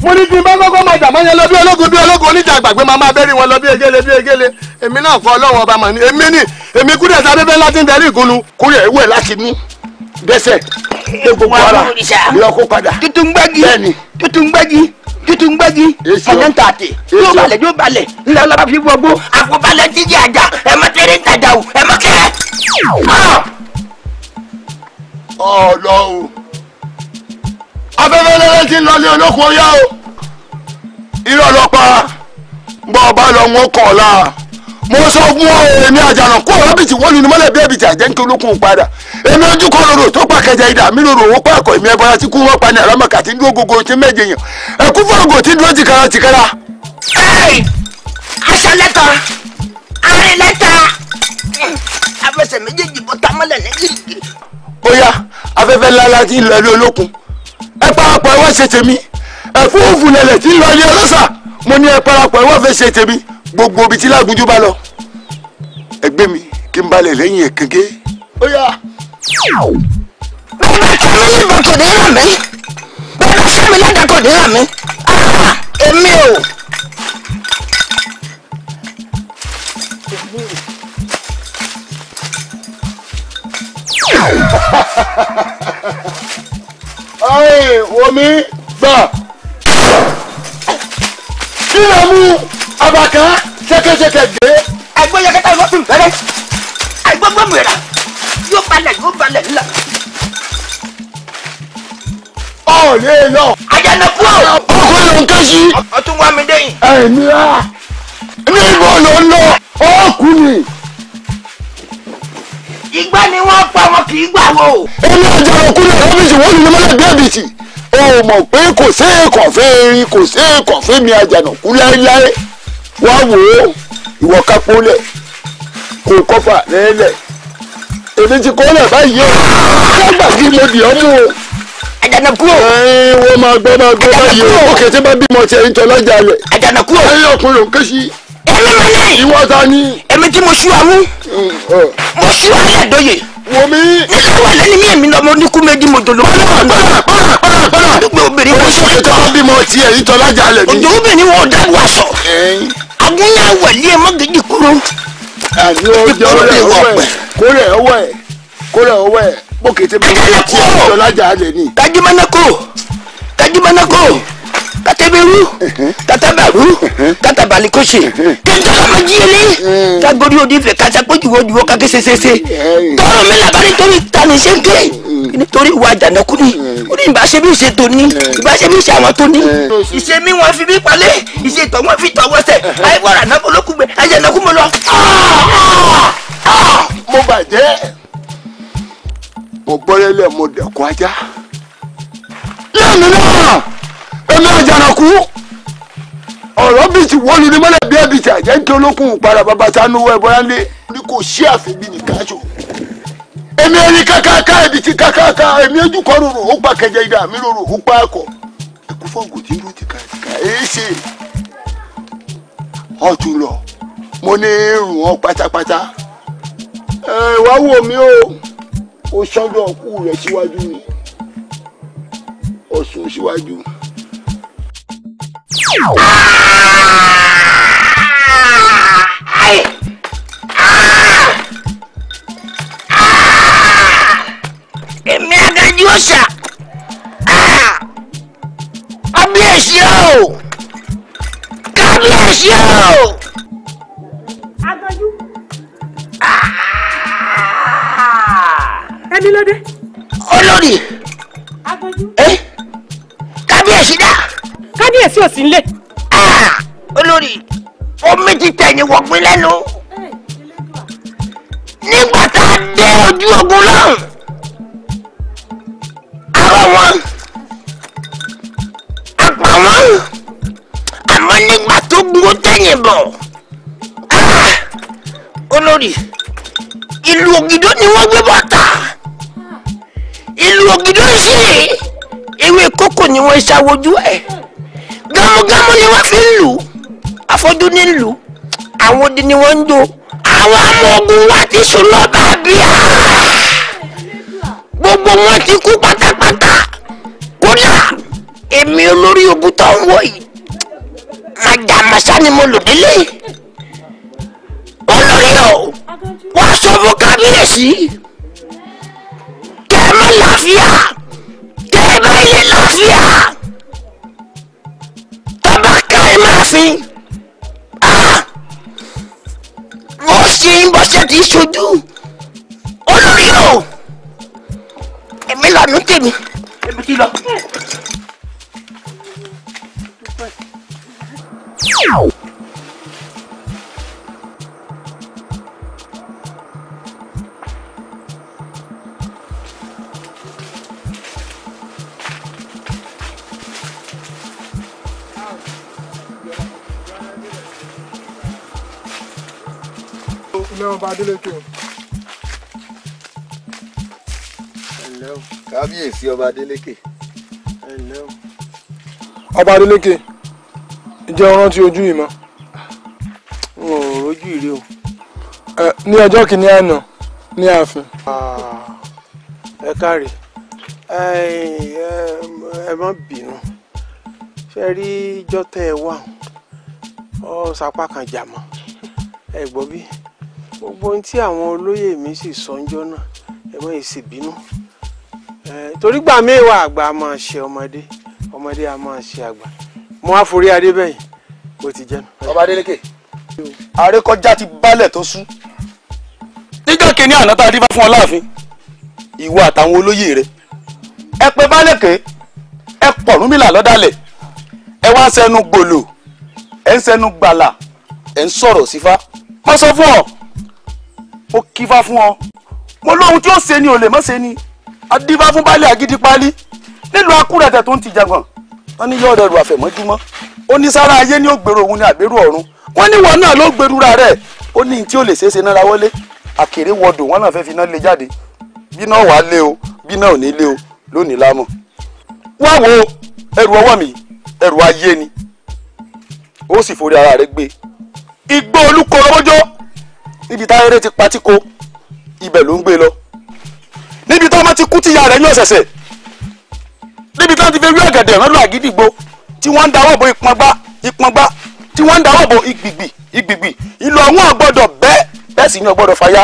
mo ní kí n bá kọ́kọ́ máa dàmọ́ yẹn lọ bí ológun bí ológun oníjà àgbàgbé máa máa bẹ́rí wọn lọ bí egéle bí egéle èmi náà fọ ọlọ́wọ́n ọba màní èmi ni èmi kúrẹ́ sábẹ́bẹ́ láti ń darí ìgúnnu kúrẹ́ ewé láti ní dẹ́sẹ̀ egungun ara yọ kó padà. tuntun gbági tuntun gbági tuntun gbági ẹ̀dẹ́ntàtì yóò balẹ̀ yóò balẹ̀ ńlá ọlọ́ba fi wọgbó àfọ̀balẹ̀ jíjẹ àjà ẹ má tẹ̀lé ìtajà o ẹ má kẹ́. Ah! ọlọ́run afẹ́fẹ́ lẹ́lẹ́ ti ń lọ ní olókùn ọyá o irọ́ lọ́pàá gbọ́ ọba lọ wọn kọ̀ ọ́ la mo sọ fún ọ èmi àjànà kó rábìtì wọ́n lu ni mọ́lẹ̀ bí ẹ̀bìtì àjẹ́ńkẹ́ olókùn padà èmi ojú kan lòdò tó pa kẹjẹ ìdá mi lòdò owó pààkọ́ èmi ẹgbẹ́ra tí kú wọ́n pa ní àràmàkà tí dúró gbogbo tí méje yàn ẹ̀kú fọ́ọ̀gù tí dúró tìkara tìkara. aṣọ lẹ́tọ̀ àárín lẹ́tà abẹsẹ̀ méjèèjì bó tamọ́lẹ̀ ní gidi. bóyá afẹ́fẹ́ lálá ti lọ ilé olókun ẹ parapọ̀ ẹ wá ṣe tèmi ẹ lẹ̀lẹ̀ tí lọ ilé ọlọ́sà mo ní ẹ parapọ̀ ẹ wá fẹ́ ṣe tèmi gbogbo ibi tí lágúnjú bá lọ ẹgbẹ́ mi kí n balẹ̀ lẹ́yìn ẹ̀ kéke. ó yá. bẹ́ẹ̀ bá tẹ̀lé ìbọn kò ní rà mí bẹ́ẹ̀ bá fẹ́ mi kò ní rà mí ah, èmi ò. ọ̀rẹ́ omi gbà kí ló mú abakan ṣẹkẹṣẹkẹ gbé. àgbẹ̀yẹkẹ tá a lọ fún fẹ́rẹ́ àgbọ̀gbọ̀ mìíràn yóò balẹ̀ yóò balẹ̀ ńlá. ọ̀rẹ́ lọ. àjànà kú ọ̀. ọkùnrin ló ń ké sí. ọtún wá mi dẹ́yìn. ẹ̀mí a ní ìbò ló ń lọ ọkùnrin. ìgbà ni wọ́n pa wọn kì í gbà wo. èmi àjọ òkúlẹ̀ ọ́fíìsì wọ́n ní mọ́lẹ̀ dẹ́bìtì o mọ̀ pé kò sí èkó fẹ́ erin kò sí èkó fẹ́ mi àjànà kú láéláé wá wò ó ìwọ kápó lẹ̀ kò kọ́fà lẹ́lẹ̀ èmi ti kọ́ lẹ̀ báyìí o kágbà kí mo dì ọ́ mú o. àjànà kúrò. ẹ̀ẹ́n wọ́n máa gbọ́ máa gbọ́ báyìí o òkè tí bá bímọ tiẹ̀ ń tọ́ lọ́jà rẹ̀. àjànà kúrò. ẹ̀yin ọkùnrin ò ń ké ìwọ ta ni. èmi tí mo ṣú amú mo ṣú alẹ́ àdóye. wò mí. nígbà wà lẹ́ni mi èmi lọ́mọ oníkú méjì mo dòdò. gbogbo obìnrin wọn ṣe. òṣèlú tó bímọ tiẹ̀ ń tọ́ lọ́jà rẹ̀ ni. òjò obìnrin wọn ò dábò àṣọ adé náà wẹ̀lí ẹ má kúrò. àti oúnjẹ ọwọ́ ẹ̀ kórè ọwọ́ kórè ọwọ́ ẹ̀ bókété mi lájà lè ní. kajimanako kajimanako kateberu katabaru katabalikose kẹtàlámàjíyẹlé kagori odi fẹ kasakojuwojuwo kakesesese tọrọ mi labari torí tanisẹnke nítorí ìwà àjànàkú ni mm. ó ní ìbáṣe bí ìṣe tó ní mm. ìbáṣe bí ìṣe àwọn tó ní mm. ìṣe mi wọn fi bí palẹ̀ ìṣe ìtọ̀ wọn fi tọ̀ wọ́n sẹ̀ mm-hmm. àìwọ̀rà náà olókùn gbẹ àjànàkú mo lọ. Ah, ah, ah. mo bàjẹ́ mo gbọ́rẹ́lẹ̀ mo dẹ̀kọ́ ajá lẹ́nu náà èmi àjànàkú ọ̀rọ̀ bíi ti wọ́n lulẹ̀ mọ́lẹ̀ bí ẹ̀bìtì àjẹ́ ń ìpara bàbá sanúwọ̀ ẹ̀bọ́lá ní kò sí àfẹ́bí nìkan ṣòwò èmi ẹni kákáká ẹbí ti kákáká èmi ojú kọ rorò ó gbà kẹjẹ ìdá mi rorò ó pa akọ ẹkú fọgù tí ló ti káàkiri èyí ṣe ọtún lọ mo ní irun ọ pátápátá ẹ wá wò mí o ó ṣọdọ ọkú rẹ síwájú ni ọsùn síwájú. Russia. Ah! I bless you. God bless you. Aganju. Ẹni ló dé. Olórí. Aganju. Ẹ eh? kábíyèsí dá. Kábíyèsí ò sí nílé. Ah. Olórí, omi ti tẹ̀yìn wọ̀gbìn lẹ́nu. Eh, Nígbà tá a dé ojú ogun lọ́hùn kọ́ wọn a pa wọn àmọ́ nígbà tó gbó tẹ̀yìn ah! olórí ìlú ògidó ni wọ́n gbé bọ́ta ìlú ògidó sí ewé kókò ni wọ́n ṣàwojú ẹ̀ gámúgámú ni wọ́n fi ń lù afọ́jú ní lù àwọn odi ni wọ́n ń do àwọn amọ̀ ogun wa ti sùn lọ́ba bíi àá gbogbo wọn ti kú pátápátá kódà èmi olórí ogun ń wọ yìí àjàmàṣá ni mo lò délé olórí o wá sọ fún kábíyèsí kẹ ẹ má láfíà kẹ ẹ má yé máa fi ó ah, sì ń bọ́sẹ̀ tí sojú. là nó chìm em bị chìm rồi Não, vai direito. kábíyèsí ọba adélékè. ọba adélékè ǹjẹ́ o rántí ojú yìí mọ́. n ò rojú ìrè o. ní ọjọ́ kìíní àná ní ààfin. ẹ káre ẹ má bínú ṣe rí jọ́tẹ̀ ẹ wà ọ sapá kan jà mọ́ ẹ gbọ́ bí gbogbo ohun tí àwọn olóyè mi sì sọ ń jọ́ náà ẹ má yìí sì bínú. Eh, torí gbà mẹ́wàá àgbà a máa ṣe ọmọdé ọmọdé a máa ṣe àgbà mo á forí adébẹ̀yìn kó ti jẹ́nu. ọba adeleke àrékọjá ti balẹ̀ tó sú níjọ́ kìíní àná tá a dífá fún ọ láàfin ìwọ àtàwọn olóyè rẹ ẹ pé bálẹ̀kẹ́ ẹ pọ̀rún mílà lọ́dàlẹ̀ ẹ wá ń sẹnu gbòlò ẹ ń sẹnu gbàlà ẹ ń sọ̀rọ̀ sífá mo sọ fún ọ mo kífá fún ọ mo lóhun tí ó ṣe ni ò lè mọ́ ṣe ni adíbá fún baálé àgídí pálí nílùú akúrẹ̀tẹ̀ tó ń ti jagbọ̀n wọ́n ní yọ̀ọ́ dẹrù àfẹ̀mọ́júmọ́ ó ní sára ayé ní ògbèrò òun ní àgbèrò ọ̀run wọ́n ní wọn náà ló gbèrúra rẹ̀ ó ní tí ó lè ṣeéṣe náírà wọlé àkèrè wọdò wọn náà fẹ́ fi náà lé jáde bí náà wàá lé o bí náà ò ní lé o lónìí lámọ̀ wá wo ẹrù ọwọ́ mi ẹrù ayé ni ó sì forí ara rẹ̀ gbé igbó olúkọ ọmọjọ́ níbi táyẹ̀rẹ́ ti patí ko ibẹ̀ ló ń gbé lọ níbi tó ọmọ ti kú tíya rẹ̀ ní ọ̀sẹ̀sẹ̀ níbi tó ti fi ewé ọ̀gẹ̀dẹ̀ rán lọ àgídìgbò tí wọ́n ń dáwọ́ bo ìpọ́ngbá ìpọ́ngbá tí wọ́n ń dáwọ́ bo ìgbìgbì ìgbìgbì ìlú ọ̀hún ọ̀gbọ́dọ̀ bẹ́ẹ̀ bẹ́ẹ̀ sì ni ọ̀gbọ́dọ̀ fàyà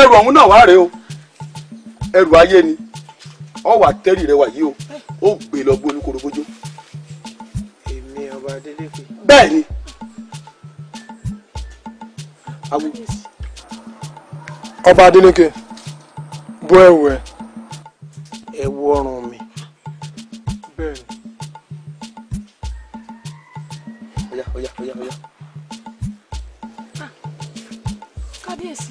ẹrù ọ̀hún náà wá rèé o ẹrù ayé ni ọ wà tẹ́rì rẹ wà yìí o ó gbé lọ gbé olúkorogbójó. èmi ọba adélèké. bẹ́ẹ̀ ni ọba adélèké bọ́ ẹ̀wẹ̀ ẹ̀wù ọrùn mi bẹ́ẹ̀ ni. ọ̀yá ọ̀yá ọ̀yá ọ̀yá. Ah, kábíyèsí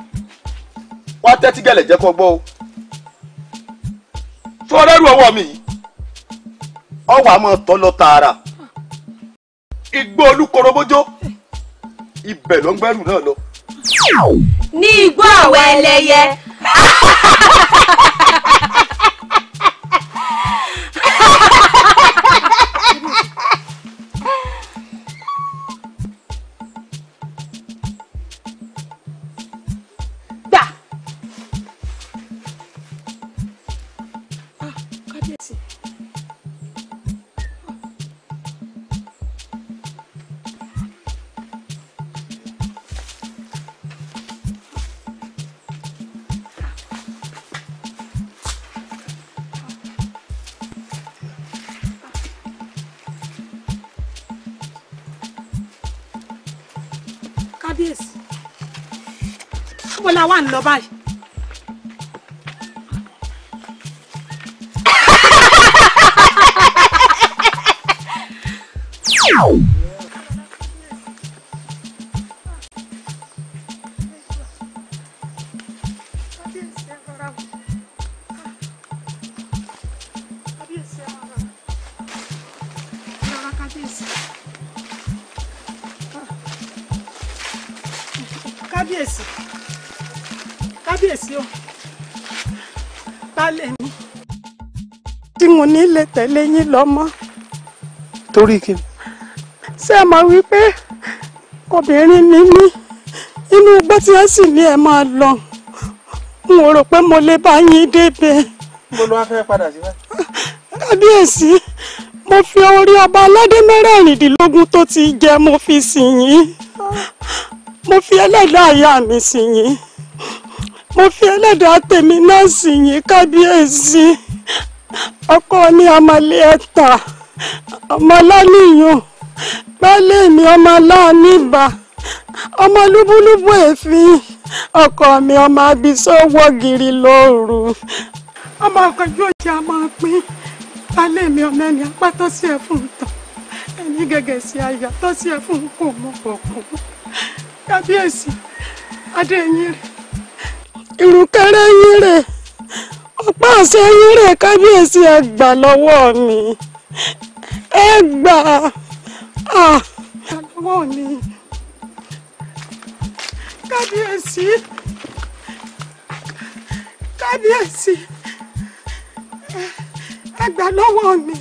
wá tẹ́tí gẹ̀lẹ̀ jẹ́ kó gbọ́ o tí wọ́n lẹ́rù ọwọ́ mi ọwọ́ àmọ́ tọ́ lọ tààrà igbó olúkorobójó ibẹ̀ ló ń gbẹ́rù náà lọ. ní igbó àwọn ẹlẹ́yẹ. la wà ń lọ báyìí. lè tẹ̀lé yín lọ mọ́. torí kí ni. ṣé ẹ mọ̀ wípé obìnrin ni mí inú igbó tí wọ́n sì ní ẹ máa lọ n ò rò pé mo lè bá yín débẹ̀. mo lọ wá fẹ́ padà sí báyìí. kábíyèsí mo fi orí ọba aládé mẹ́rẹ̀ẹ̀rìndínlógún tó ti jẹ mo fi sìn yín mo fi ẹlẹ́dàá ìyá mi sìn yín mo fi ẹlẹ́dàá tèmi náà sìn yín kábíyèsí ọkọ ni ọmọlé ẹ̀ta ọmọlánìyàn pẹ́lẹ́ mi ọmọ aláàníbà ọmọ lúbúlúbú èéfín ọkọ mi ọmọ abisọ wọ́gìrì lóru ọmọ ọkọ̀jú òjì a máa pín pẹ́lẹ́ mi ọmọ ẹni apá tó sí ẹ̀ fún tán ẹni gẹ́gẹ́ sí àyà tó sí ẹ̀ fún kò mọ̀ kọ̀ọ̀kan kábíyèsí adéyìn rẹ̀ ìrùkẹ̀rẹ̀ yín rẹ̀ pàṣẹ eré kábíyèsí ẹ gbà lọ́wọ́ mi ẹ gbà á lọ́wọ́ mi kábíyèsí kábíyèsí ẹ gbà mi.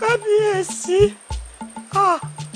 kábíyèsí. Ah.